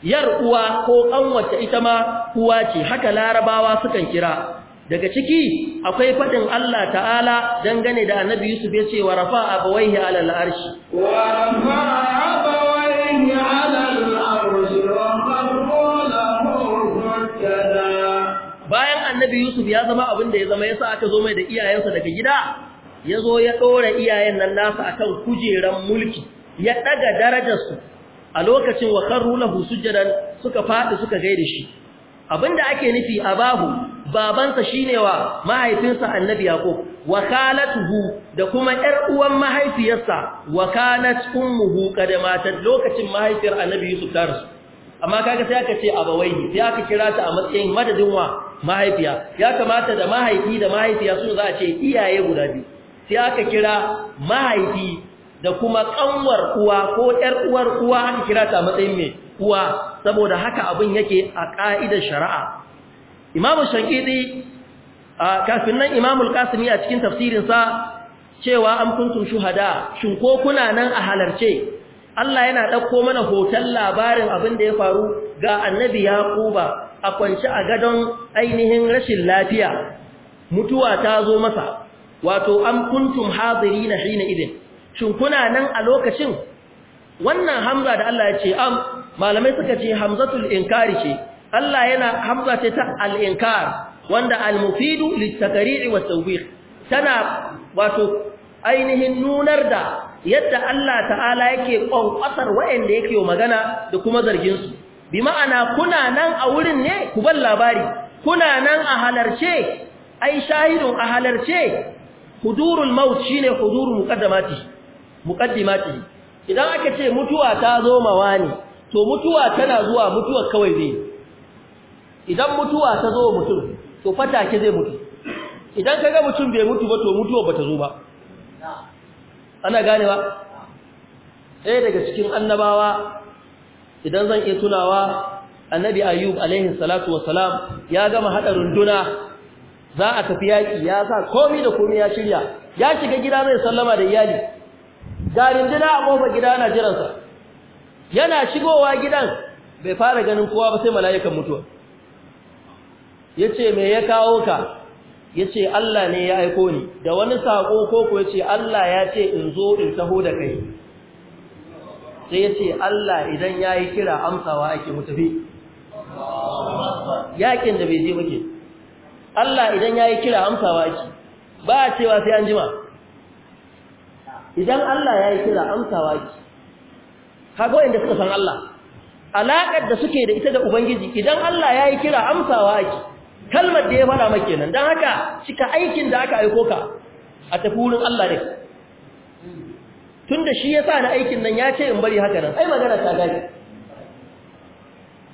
yar uwa ko kanwace ita ma uwa ce haka larabawa sukan kira daga ciki akwai fadin Allah ta'ala dangane da annabi Yusuf ya ce wa rafa abawaihi ala al'arshi wa rafa abawaihi ala bayan annabi Yusuf ya zama abin da ya zama yasa aka zo mai da iyayensa daga gida ya zo ya dora iyayen nan nasa akan kujeran mulki ya daga darajarsu a lokacin wa rula lahu sujadan suka faɗi suka gaida shi abinda ake nufi a abahu babansa shine wa mahaifinsa annabi yaqub wa khalatuhu da kuma yar uwan mahaifiyarsa wa kanat ummuhu kadamatan lokacin mahaifiyar annabi yusuf ta rasu amma kaga sai aka ce abawaihi sai aka kira ta a matsayin madadin wa mahaifiya ya kamata da mahaifi da mahaifiya su za a ce iyaye guda biyu sai aka kira mahaifi da kuma kanwar uwa ko ƴar uwar uwa aka kira ta matsayin mai uwa saboda haka abin yake a ka'idar shari'a imamu shankidi kafin nan imamu al-qasimi a cikin tafsirin sa cewa am kuntum shuhada shin ko kuna nan a halarce Allah yana dauko mana hoton labarin abin da ya faru ga annabi yaquba a kwance a gadon ainihin rashin lafiya mutuwa ta zo masa wato am kuntum hadirina hina idin shin kuna nan a lokacin wannan hamza da Allah ya ce am malamai suka ce hamzatul inkari ce Allah yana hamza ce ta al-inkar wanda al-mufidu litakri'i wa tawbih tana wato ainihin nunar da yadda Allah ta'ala yake kwankwasar waɗanda yake magana da kuma zargin su bi ma'ana kuna nan a wurin ne ku ban labari kuna nan a halarce ai shahidun a halarce hudurul maut shine hudurul muqaddamati muqaddimati idan aka ce mutuwa ta zo mawa ne to mutuwa tana zuwa mutuwa kawai zai idan mutuwa ta zo mutum to ke zai mutu idan kaga mutum bai mutu ba to mutuwa bata zo ba ana ganewa eh daga cikin annabawa idan zan iya tunawa annabi ayyub alaihi salatu wassalam ya gama hada runduna za a tafi yaki ya sa komai da komai ya shirya ya shiga gida zai sallama da iyali ga rindina a kofar gida yana jiransa yana shigowa gidan bai fara ganin kowa ba sai mala'ikan mutuwa ce me ya kawo ka Ya ce Allah ne ya aiko ni da wani sako koko ya ce Allah ya ce in zo in taho da kai sai ce Allah idan yi kira amsawa ake mutafi Yaƙin da bai je muke Allah idan yi kira amsawa ake ba cewa sai an jima idan Allah ya yi kira amsawa ki kaga wanda suka san Allah alaƙar da suke da ita da ubangiji idan Allah ya yi kira amsawa ki kalmar da ya fara maka kenan dan haka cika aikin da aka aiko ka a tafi wurin Allah ne tunda shi ya sa na aikin nan ya ce in bari haka nan ai magana ta gaji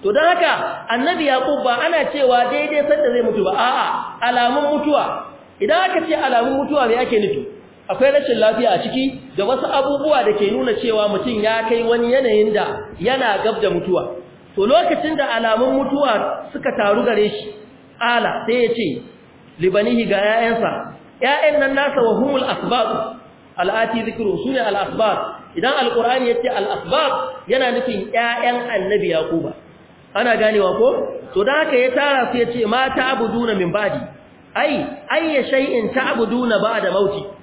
to don haka annabi yaqub ba ana cewa daidai sanda zai mutu ba a'a alamun mutuwa idan aka ce alamun mutuwa me ake nufi akwai rashin lafiya a ciki da wasu abubuwa da ke nuna cewa mutum ya kai wani yanayin da yana gab da mutuwa to lokacin da alamun mutuwa suka taru gare shi ala sai ya ce libanihi ga 'ya'yansa 'ya'yan nan nasa wa humul asbab al'ati zikiru su ne asbab idan alqur'ani ya ce asbab yana nufin 'ya'yan annabi yaquba ana ganewa ko to da haka ya tara su ya yace mata abuduna min ba'di ai ayya shay'in ba da mauti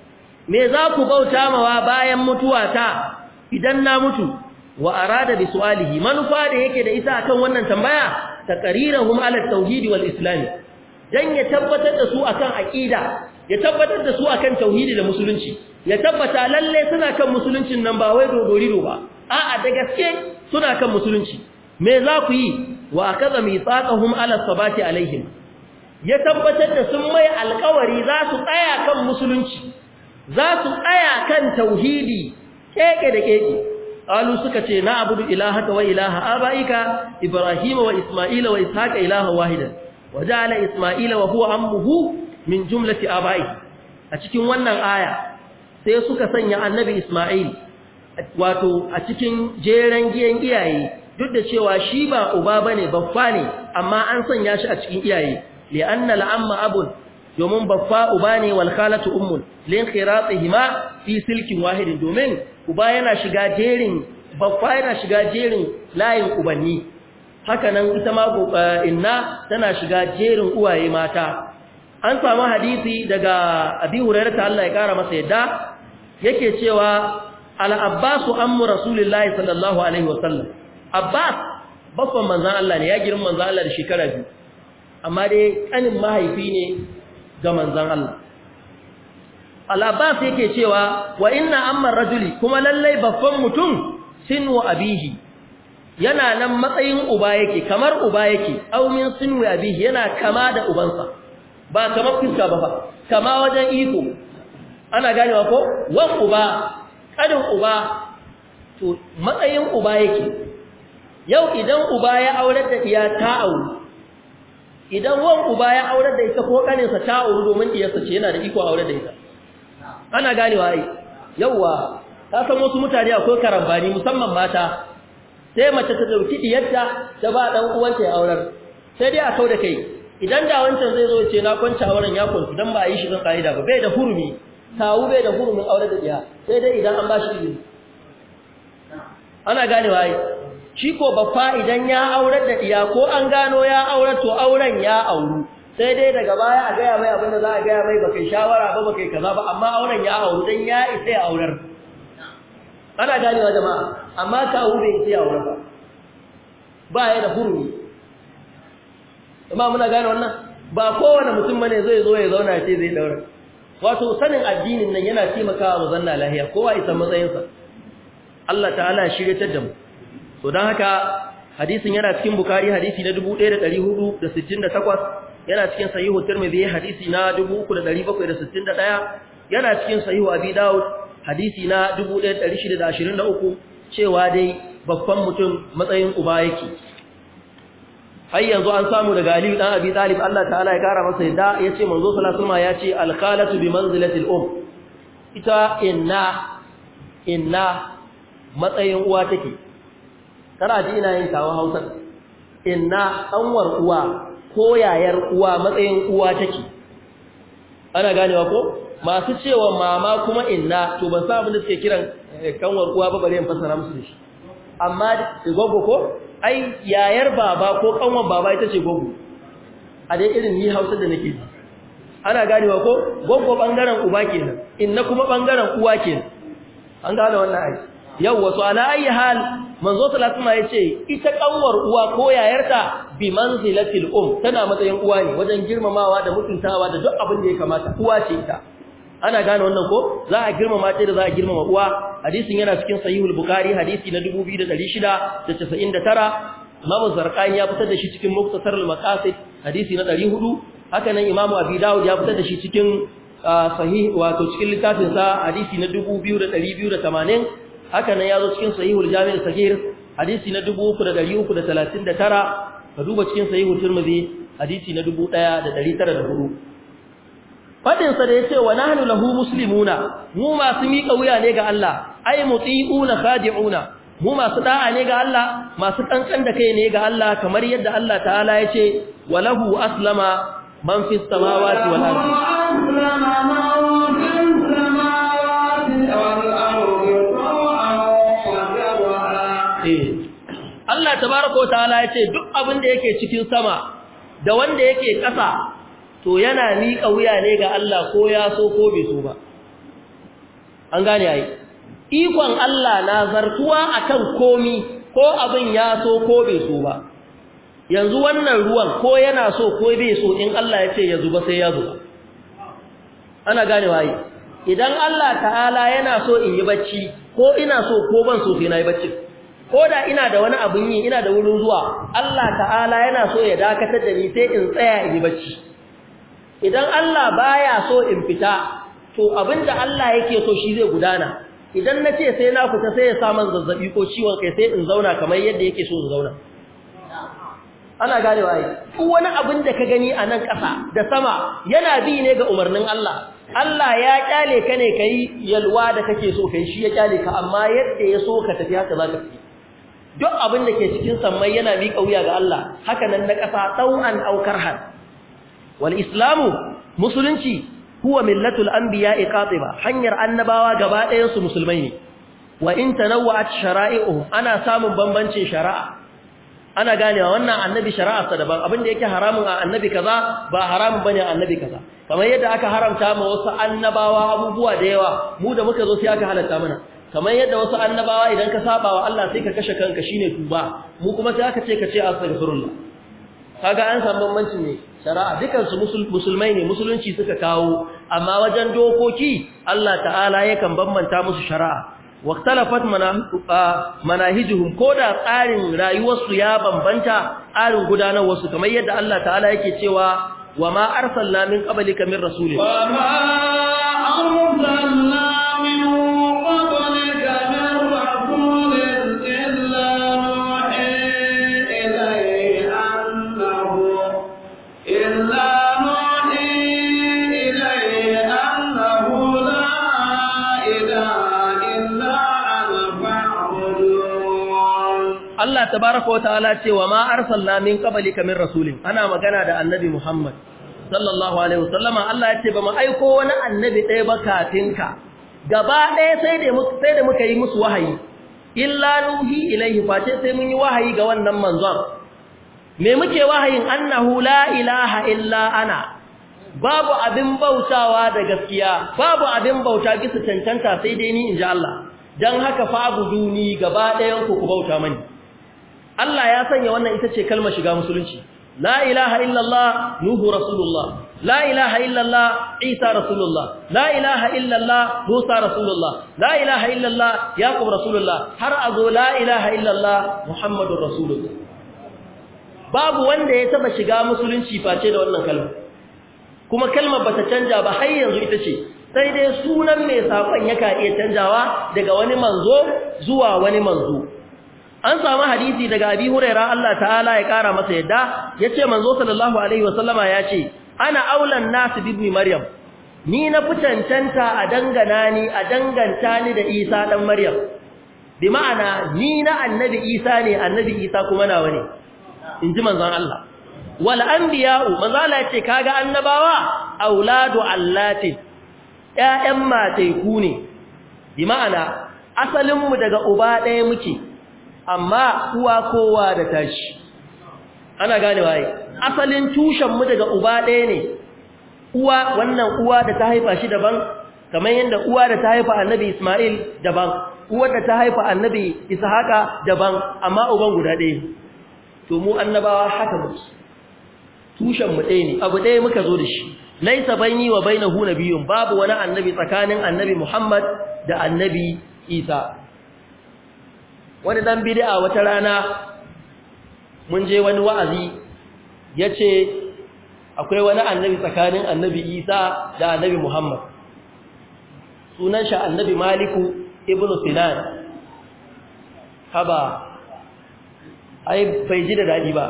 me za ku bauta mawa bayan mutuwa ta idan na mutu wa arada bi su'alihi manufa da yake da ita akan wannan tambaya taqrirahum ala tauhidi wal islam dan ya tabbatar da su akan aqida ya tabbatar da su akan tauhidi da musulunci ya tabbata lalle suna kan musuluncin nan ba wai do ba a'a da gaske suna kan musulunci me za ku yi wa akaza mithaqahum ala sabati alaihim ya tabbatar da sun mai alƙawari za su tsaya kan musulunci za su tsaya kan tauhidi keke da keke alu suka ce na abudu ilahaka wa ilaha abaika ibrahima wa isma'ila wa ishaqa ilaha wahida waja'ala isma'ila wa huwa ammuhu min jumlati abai a cikin wannan aya sai suka sanya annabi isma'il wato a cikin jeran giyan iyaye duk da cewa shi ba uba bane babba ne amma an sanya shi a cikin iyaye li'anna al'amma abun domin baffa uba ne wal khalatu ummun lin khiratihima fi silkin wahidin domin uba yana shiga jerin baffa yana shiga jerin layin ubanni haka nan ita ma eh, inna tana shiga jerin uwaye mata an samu hadisi daga abi hurairah Allah ya kara masa yadda yake cewa al abbas ammu rasulillahi sallallahu alaihi wasallam abbas babban manzon Allah ne ya girman manzon Allah da shekara biyu amma dai kanin mahaifi ne ga manzan Allah al-abbas yake cewa wa inna amma rajuli kuma lallai babban mutum sinu abihi yana nan matsayin uba yake kamar uba yake aw min sinu abihi yana kama da ubansa ba kamar fiska ba fa kama wajen iko ana ganewa ko wa uba kadin uba to matsayin uba yake yau idan uba ya aurar da iya ta aure idan wan uba ya aure da ita ko kaninsa ta auri domin diyarsa ce yana da iko aure da ita ana ganewa ai yawa ta san wasu mutane akwai karambani musamman mata sai mace ta dauki diyarta ta ba dan uwanta ya aurar sai dai a kau da kai idan da wancan zai zo ce na kwanta auren ya kwanta dan ba a yi shi kan kaida ba bai da hurumi kawu bai da hurumin aure da diya sai dai idan an ba shi ana ganewa ai shi ko baffa idan ya aurar da iya ko an gano ya aurar to auren ya auru sai dai daga baya a gaya mai abinda za a gaya mai ba kai shawara ba ba kai kaza ba amma auren ya auru dan ya isa ya aurar ana wa jama'a amma kawu bai isa ya aurar ba ba ya da hurumi amma muna gane wannan ba kowane mutum bane zai zo ya zauna ce zai daura wato sanin addinin nan yana taimakawa mu zanna lahiya kowa isa matsayinsa Allah ta'ala shirye ta jama'a to don haka hadisin yana cikin bukari hadisi na 1468 yana cikin sahihu tirmidhi hadisi na 3761 yana cikin sahihu abi daud hadisi na 1623 cewa dai babban mutum matsayin uba yake har yanzu an samu daga Aliyu dan Abi Talib Allah ta'ala ya kara masa yadda yace manzo sallallahu alaihi ya ce al-khalatu bi manzilati al-um ita inna inna matsayin uwa take kana ji ina yin tawa Hausa inna ɗanwar uwa ko yayar uwa matsayin uwa take ana ganewa ko masu cewa mama kuma inna to ban sa abin da suke kiran kanwar eh, uwa ba bare in fasara musu shi amma gogo ko ai yayar baba ko kanwar baba ita ce gogo a dai irin ni Hausa da nake ji ana ganewa ko gogo bangaren uba kenan inna kuma bangaren uwa kenan an gane wannan aiki yawwa so ala ayi hal manzo sallallahu yace ita kanwar uwa ko yayarta bi manzilatil um tana matsayin uwa ne wajen girmamawa da mutuntawa da duk abin da ya kamata uwa ce ita ana gane wannan ko za a girmama ta da za a girmama uwa hadisin yana cikin sahihul bukhari hadisi na 2699 imamu zarqani ya fitar da shi cikin muktasar al-maqasid hadisi na 400 haka nan Imam abi ya fitar da shi cikin ah, sahih wato cikin littafin sa hadisi na 2280 haka nan zo cikin sahihul jami' sahih hadisi na 3339 ka duba cikin sahihul tirmidhi hadisi na 1904 fadin sa da yace wa nahnu lahu muslimuna mu masu mika wuya ne ga Allah ay muti'una khadi'una mu masu da'a ne ga Allah masu kankan da kai ne ga Allah kamar yadda Allah ta'ala yace wa lahu aslama man fis samawati wal ardi Allah tabaraka wa ta'ala ya ce duk abin da yake cikin sama da wanda yake ƙasa to yana miƙa wuya ne ga Allah ko ya so ko bai so ba an gane ai ikon Allah na zartuwa akan komi ko abin ya so ko bai so ba yanzu wannan ruwan ko yana so ko bai so in Allah ya ce ya zuba sai ya zuba ana gane ai idan Allah ta'ala yana so in yi bacci ko ina so ko ban so sai na yi bacci Koda ina da wani abin yi ina da wurin zuwa Allah ta'ala yana so ya dakatar da ni sai in tsaya in yi bacci idan Allah baya so in fita to abinda Allah yake so shi zai gudana idan nace sai na fita sai ya samun zazzabi ko ciwon kai sai in zauna kamar yadda yake so in zauna ana gane wai duk wani abin da ka gani a nan ƙasa da sama yana bi ne ga umarnin Allah Allah ya kyale ka ne kai yalwa da kake so kai shi ya kyale ka amma yadda ya so ka tafi haka za ka tafi duk abin da ke cikin sammai yana miƙa wuya ga Allah haka nan na ƙasa ɗau'an aukar har wal islamu musulunci huwa millatul anbiya'i qatiba hanyar annabawa gaba ɗayansu musulmai ne wa in tanawwa'at shara'i'uhum ana samun bambancin shari'a ana ganewa wannan annabi shari'arsa daban abin da yake haramun a annabi kaza ba haramun ba a annabi kaza kamar yadda aka haramta ma wasu annabawa abubuwa da yawa mu da muka zo sai aka halatta mana kamar yadda wasu annabawa idan ka saba wa Allah sai ka kashe kanka shine tuba mu kuma sai aka ce ka astaghfirullah kaga an san bambancin ne shari'a dukan su musulmai ne musulunci suka kawo amma wajen dokoki Allah ta'ala yakan bambanta musu shari'a waqtalafat manahijuhum koda tsarin rayuwarsu ya bambanta tsarin gudanar wasu kamar yadda Allah ta'ala yake cewa wama arsalna min qablika min rasulin wama arsalna tabaraka wa ta'ala ce wa ma arsalna min qablika rasulin ana magana da annabi Muhammad sallallahu alaihi wasallama Allah ya ce ba mu aiko wani annabi ɗaya ba kafin ka gaba ɗaya sai da muka sai da muka yi musu wahayi illa nuhi ilaihi face sai mun yi wahayi ga wannan manzon me muke wahayin annahu la ilaha illa ana babu abin bautawa da gaskiya babu abin bauta bisa cancanta sai dai ni inji Allah dan haka fa abuduni gaba ɗayan ku ku bauta mani Allah ya sanya wannan ita ce kalmar shiga musulunci la ilaha illallah nuhu rasulullah la ilaha illallah isa rasulullah la ilaha illallah musa rasulullah la ilaha illallah yaqub rasulullah har azo la ilaha illallah muhammadur rasulullah babu wanda ya taba shiga musulunci face da wannan kalma kuma kalmar bata canja ba har yanzu ita ce sai dai sunan mai sakon yaka iya canjawa daga wani manzo zuwa wani manzo an samu hadisi daga abi huraira Allah ta'ala ya kara masa yadda yace manzo sallallahu alaihi wasallama yace ana aulan nas bibi maryam ni na fitancanta a dangana ni a danganta ni da isa dan maryam bi ma'ana ni na annabi isa ne annabi isa kuma nawa ne inji manzon Allah wal anbiya'u manzo Allah yace kaga annabawa auladu allati ƴaƴan ku ne bi ma'ana mu daga uba ɗaya muke amma uwa kowa da tashi ana gane waye asalin tushen mu daga uba ɗaya ne uwa wannan uwa da ta haifa shi daban kamar yadda uwa da ta haifa annabi Isma'il daban uwa da ta haifa annabi Ishaqa daban amma uban guda ɗaya to mu annabawa haka mu tushen mu ɗaya ne abu ɗaya muka zo da shi laisa bayni wa bainahu nabiyyun babu wani annabi tsakanin annabi Muhammad da annabi Isa wani dan bid'a wata rana mun je wani wa'azi yace akwai wani annabi tsakanin annabi Isa da annabi Muhammad sunan shi annabi Maliku ibn Sinan haba ai bai ji da dadi ba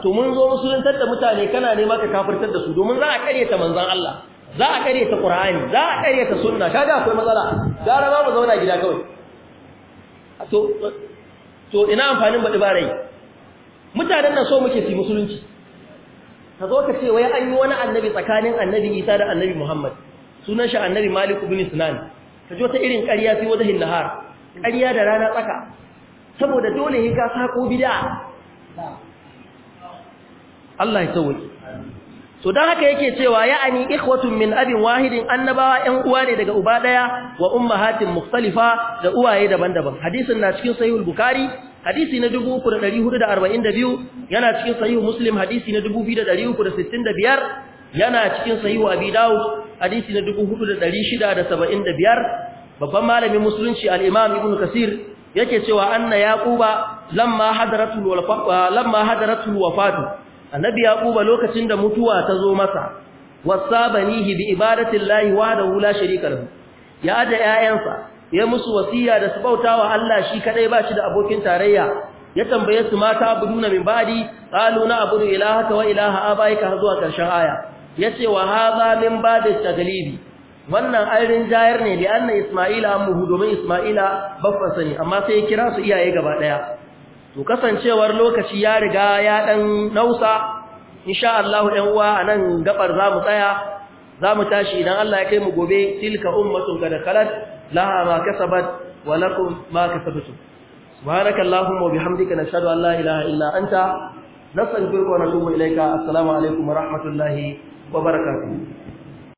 to mun zo musuluntar da mutane kana ne maka kafirtar da su domin za a karyata manzon Allah za a karyata Qur'ani za a karyata sunna kaga akwai matsala gara ba mu zauna gida kawai to ina amfanin baɗi ba rai mutanen na so muke fi musulunci ka zo ka ce wai an yi wani annabi tsakanin annabi isa da annabi muhammad sunan shi annabi malik ibn sinan ka ji wata irin ƙarya fi wajen nahar ƙarya da rana tsaka saboda dole ka sako bid'a Allah ya sauke so dan haka yake cewa ya'ani ikhwatun min abin wahidin annabawa yan uwa ne daga uba daya wa ummahatin mukhtalifa da uwaye daban-daban hadisin na cikin sahihul bukhari hadisi na 3442 yana cikin sahihu muslim hadisi na 2365 yana cikin sahihu abi daud hadisi na 4675 babban malamin musulunci al-imam ibn kasir yake cewa anna yaquba lamma hadaratul lamma hadaratul wafatu annabi yaquba lokacin da mutuwa ta zo masa wasabanihi bi ibadatillahi wahdahu la sharika lahu ya da 'ya'yansa ya musu wasiya da su bautawa Allah shi kadai ba shi da abokin tarayya ya tambaye su mata abuduna min ba'di qalu na abudu ilaha wa ilaha abaika zuwa karshen aya yace wa hadha min ba'di taglibi wannan ayrin jayar ne da anna isma'ila ammuhu domin isma'ila baffansa ne amma sai ya kira su iyaye gaba daya to kasancewar lokaci ya riga ya dan nausa insha Allah ɗan uwa anan gabar zamu tsaya zamu tashi idan Allah ya kai mu gobe tilka ummatun ga khalat laha ma kasabat wa lakum ma kasabtum subhanakallahumma wa bihamdika nashhadu an la ilaha illa anta nastaghfiruka wa natubu ilayka assalamu alaikum wa rahmatullahi wa barakatuh